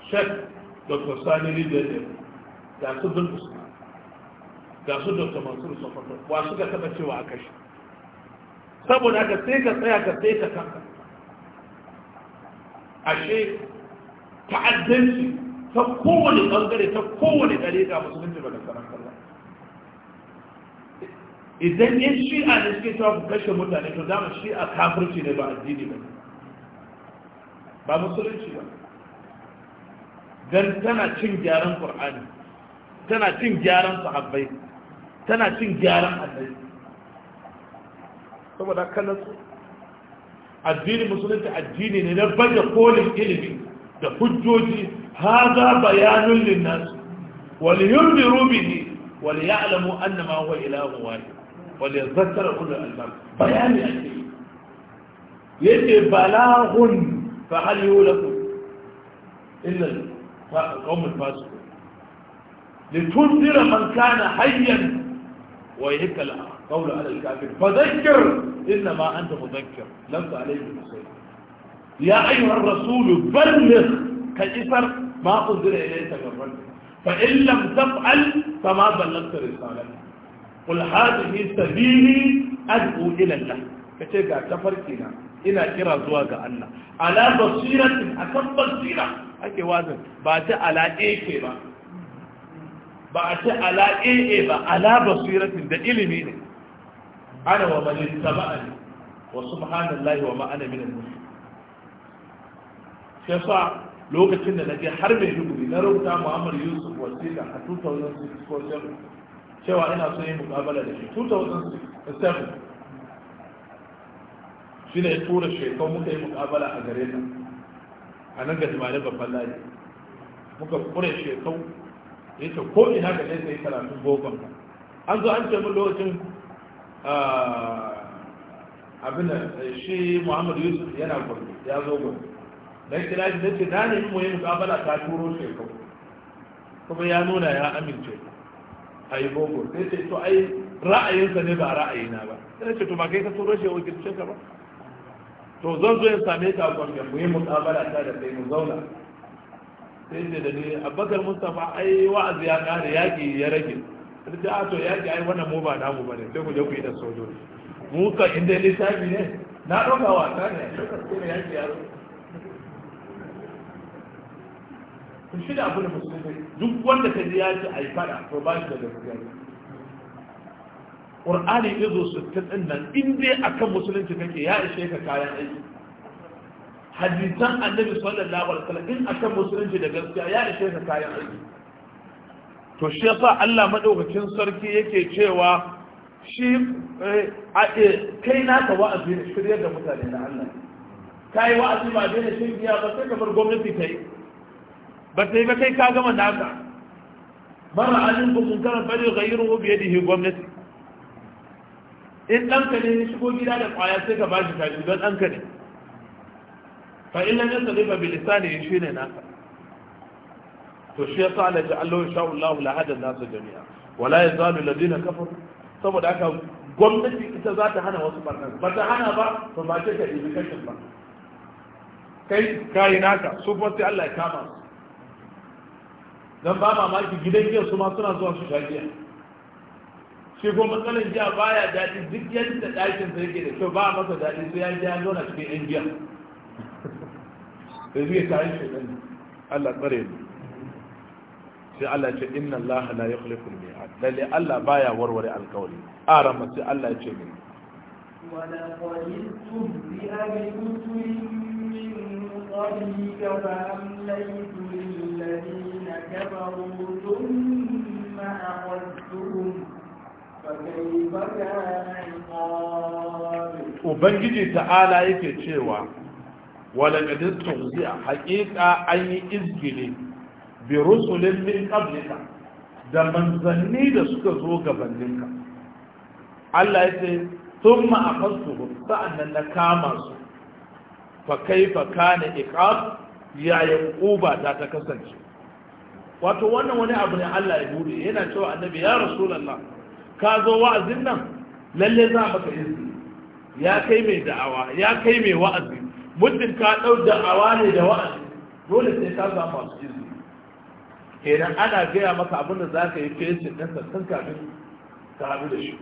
shek dr sani rijiyar da su bin usman ga su dr mansur sokoto wa suka taba cewa a kashi saboda ka sai ka tsaya ka sai ka kanka ashe ta'addanci ta kowane bangare ta kowane dare ga musulunci ba da karan kalla idan yin shi'a ne suke cewa ku kashe mutane to dama shi'a kafirci ne ba addini ba ba musulunci ba dan tana cin gyaran qur'ani tana cin gyaran sahabbai tana cin gyaran annabi saboda kallon addini musulunci addini ne na baje kolin ilimi da hujjoji haza bayanun linnas wal yundiru bihi wal ya'lamu annama huwa ilahu wahid wal yadhakkara ulul albab bayani ake yace balaghun fa hal yulaku illa ƙaƙaunar fasu da tun zira man kana hanyar wa yi kala ƙaunar alalkafin ba zankir inda ma an ta muzankir don ka ya ayyuhar rasulu balle ka isar ma ku zira ya yi tagarwar fa in lam taf'al fa ma ballanta risalah qul hadhihi sabili ad'u ila Allah kace ga ta farkina ina kira zuwa ga Allah ala basiratin a basira ake wazin ba ta ala'e ke ba ba ta ala'e ba ala basiratin da ilimi ne ana wa mani taba'ani wa subhanallahi wa ma'ana min al-muslim sai sa lokacin da ke har mai duguri na rubuta Muhammad Yusuf wasiƙa a 2006 ko 7 cewa ina son yin mukabala da shi 2007 shi ne tura shekau muka yi mukabala a gare ta a nan ga jimalai babban layi muka kure shekau ya ce ko ina ka ɗaya sai karatun gogon ka an zo an ce min lokacin ah, abin da shi muhammad yusuf yana gwarzo ya zo gwarzo na kira shi na ce na nemi mu yi mukabala ta turo shekau kuma ya nuna ya amince a yi boko sai ce to ai ra'ayinsa ne ba ra'ayina ba sai ce to ba kai ka turo shi wakilcin ka ba to zan zo in same ka gwamnati mu yi mutabara ta da kai mu zauna sai ce da ni abubakar mustapha ai wa'azi ya kare yaƙi ya rage sai ce a to yaƙi ai wannan mu ba namu ba ne sai ku je ku yi da sojoji mu ka inda lissafi ne na ɗauka wasa ne sai da yaƙi ya zo ku shirya abu da musulmi duk wanda ka ji ya ce a yi to ba shi da gaskiya ƙur'ani izo su ɗin nan in dai akan musulunci kake ya ishe ka kayan aiki hadisan annabi sallallahu alaihi wasallam in akan musulunci da gaskiya ya ishe ka kayan aiki to shi yasa Allah madaukakin sarki yake cewa shi eh, eh, kai naka wa'azi ne shiryar da mutane da Allah ka yi wa'azi ba daina shan giya ba sai kamar gwamnati ta yi ba ta yi ba kai ka gama naka mara alin kun kana fari gairu biye da gwamnati in ɗanka ne ya shigo gida da ƙwaya sai ka bashi kaji don ɗanka ne fa in lam yastati fa bil lisani shi ne naka to shi yasa Allah ya Allah insha Allah la hada nasu jami'a wala yazalu alladhina kafaru saboda haka gwamnati ita za ta hana wasu barnan ba ta hana ba to ba ce ka ibi kashin ba kai kayi naka su kuma sai Allah ya kama su dan ba mamaki gidan giya su ma suna zuwa su shagiya shi ko matsalar jiya baya daɗi duk yadda ɗakin sa yake da kyau ba masa daɗi sai ya ji ya zauna cikin yan jiya. da zai tayi shi ɗan Allah tsare mu sai Allah ce inna Allah la yukhlifu al-mi'ad lalle Allah baya warware alƙawari aran sai Allah ya ce mu ولقد استهزئ برسل من قبلك فأمليت للذين كفروا ثم أخذتهم Ubangiji ta'ala yake cewa walakadin tunziya haƙiƙa an yi izgili bi rusulin min qablika da manzanni da suka zo gabaninka Allah ya ce sun ma'afarsu sa'annan na kama su fa kaifa kana iqab yayin uba ta ta kasance wato wannan wani abu ne Allah ya buɗe, yana cewa annabi ya rasulullah ka zo wa'azin nan lalle za maka izini ya kai mai da'awa ya kai mai wa'azi muddin ka ɗau da'awa ne da wa'azi dole sai ka za masu izini kenan ana gaya maka abin da za ka yi fesin ɗansa tun kafin ka haɗu da shi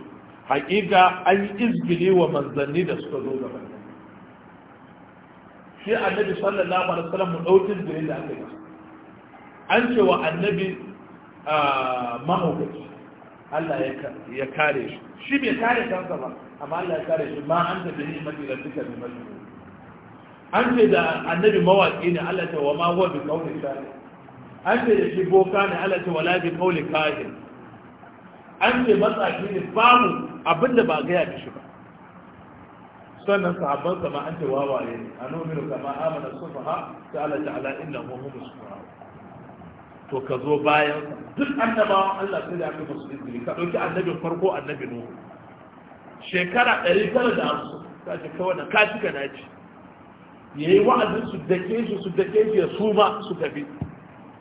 haƙiƙa an yi izgili wa manzanni da suka zo gaba shi annabi sallallahu alaihi wasallam mu ɗaukin da aka yi an ce wa annabi ah, mahaukaci Allah ya kare shi shi bai kare kansa ba amma Allah ya kare shi ma an da bi ni'mati rabbika bi majnun an ce da annabi mawaƙi ne Allah ta wa ma huwa bi qawli shari an ce da shi boka ne Allah ta wala bi qawli kahin an ce matsaki ne babu abinda ba gaya da shi ba sannan sahabban sama an ce wawaye ne A anu'minu kama amana sufaha ta Allah ta'ala innahu humus sufaha to ka zo bayan duk annabawan Allah sai da aka musu izini ka ɗauki annabin farko annabi nuhu shekara ɗari tara da hamsin ka ce kawai da ka cika naci ya yi wa'azin su dake shi su dake shi ya suma su tafi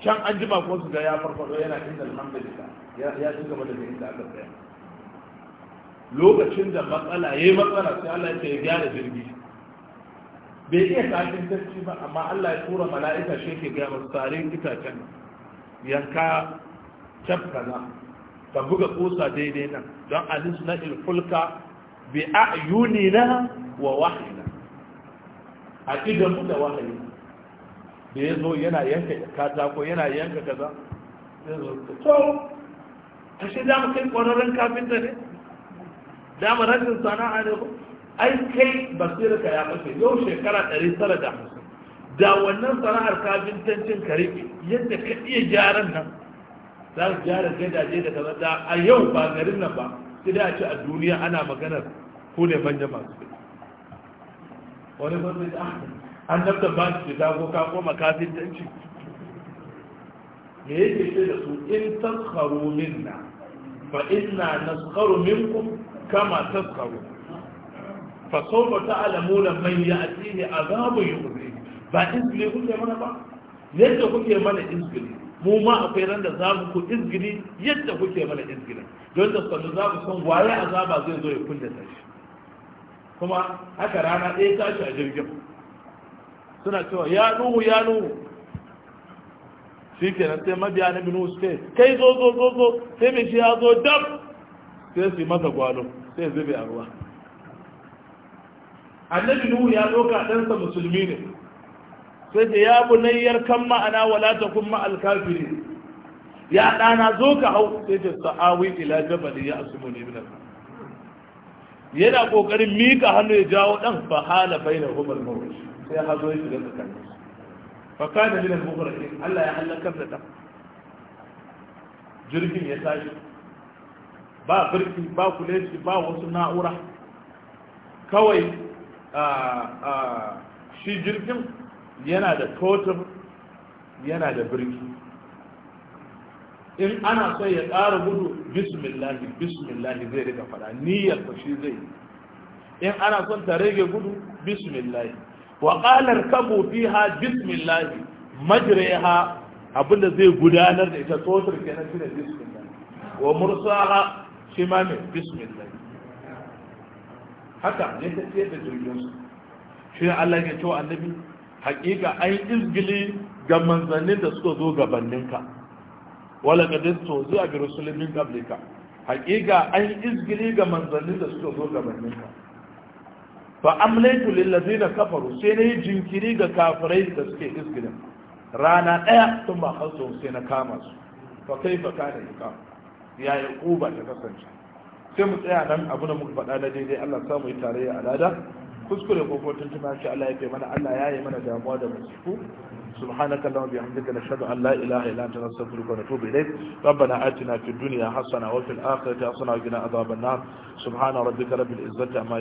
can an jima ko su ga ya farfado yana inda alhamdulillah ya ci gaba da inda aka tsaya lokacin da matsala ya yi matsala sai Allah ya gyara jirgi bai iya kafin tafci ba amma Allah ya tura mala'ika shi ke gaya masu tsarin itacen yanka cakkana ka buga kusa daidai nan don anis na ilfulka bi a yuni na wa wahina a idan da wahayi da ya zo yana yanka katako yana yanka kaza ya zo to a shi dama kai kafin da ne dama rashin sana'a ne ko ai kai basirka ya mace yau shekara 950 da wannan sana'ar kafintancin karibi yadda ka iya gyaran nan za su gyara gadaje da kaza da a yau ba garin nan ba sai dai a ce a duniya ana maganar ko ne manya masu kuɗi wani gwamnati da ah, an nafta ba su fita ko ka koma kafintanci me yake ce da su in taskaru minna fa inna naskaru minkum kama taskaru fa sawfa ta'lamuna man ya'tihi azabun yu'dhi ba izgiri kuke mana ba yadda kuke mana izgiri mu ma akwai ran da za mu ku izgiri yadda kuke mana izgiri don da sannu za mu san waye azaba zai zo ya kunda ta shi kuma haka rana ɗaya tashi a jirgin suna cewa ya nuhu ya nuhu shi kenan sai mabiya na binu su kai zo zo zo zo sai mai shi ya zo dab sai su yi masa gwalo sai zube a ruwa annabi nuhu ya doka ɗansa musulmi ne sai ce ya nayyar kan ma'ana wala ta kun ma'al kafiri ya ɗana zo ka hau sai ce sa'awi ila jabali ya asumu ne min yana kokarin mika hannu ya jawo dan fa hala baina humar mawush sai ya hazo shi daga kan fa kana min al mughraqin Allah ya halakar da ta. jirgin ya tashi ba birki ba kuleshi ba wasu na'ura kawai shi jirgin yana da totur yana da birki in ana so ya ƙara gudu bismillahi bismillahi zai rika fada niyyar shi zai in ana son ta rage gudu bismillahi wa qalar kabu fiha bismillahi majriha abinda zai gudanar da ita totur kenan shi da bismillahi wa mursaha shi ma mai bismillahi haka ne ta ce da jirgin su shi Allah ya ce wa annabi hakika ai izgili ga manzannin da suka zo gabaninka wala kadin to zuwa bi rusulin qablika hakika ai izgili ga manzannin da suka zo gabaninka fa amlaytu lil ladina kafaru sai ne jinkiri ga kafirai da suke izgilin rana daya sun ba kansu sai na kama su fa kaifa kana ikam ya yi ta kasance sai mu tsaya nan abu da muka faɗa na daidai Allah samu yi tarayya alada kuskure ko fotun tuna shi Allah ya mana Allah ya yi mana damuwa da musu subhanaka allahu bihamdika nashhadu an la ilaha illa anta nastaghfiruka wa natubu ilayk rabbana atina fid dunya hasanatan wa fil akhirati hasanatan wa qina adhaban nar subhana rabbika rabbil izzati amma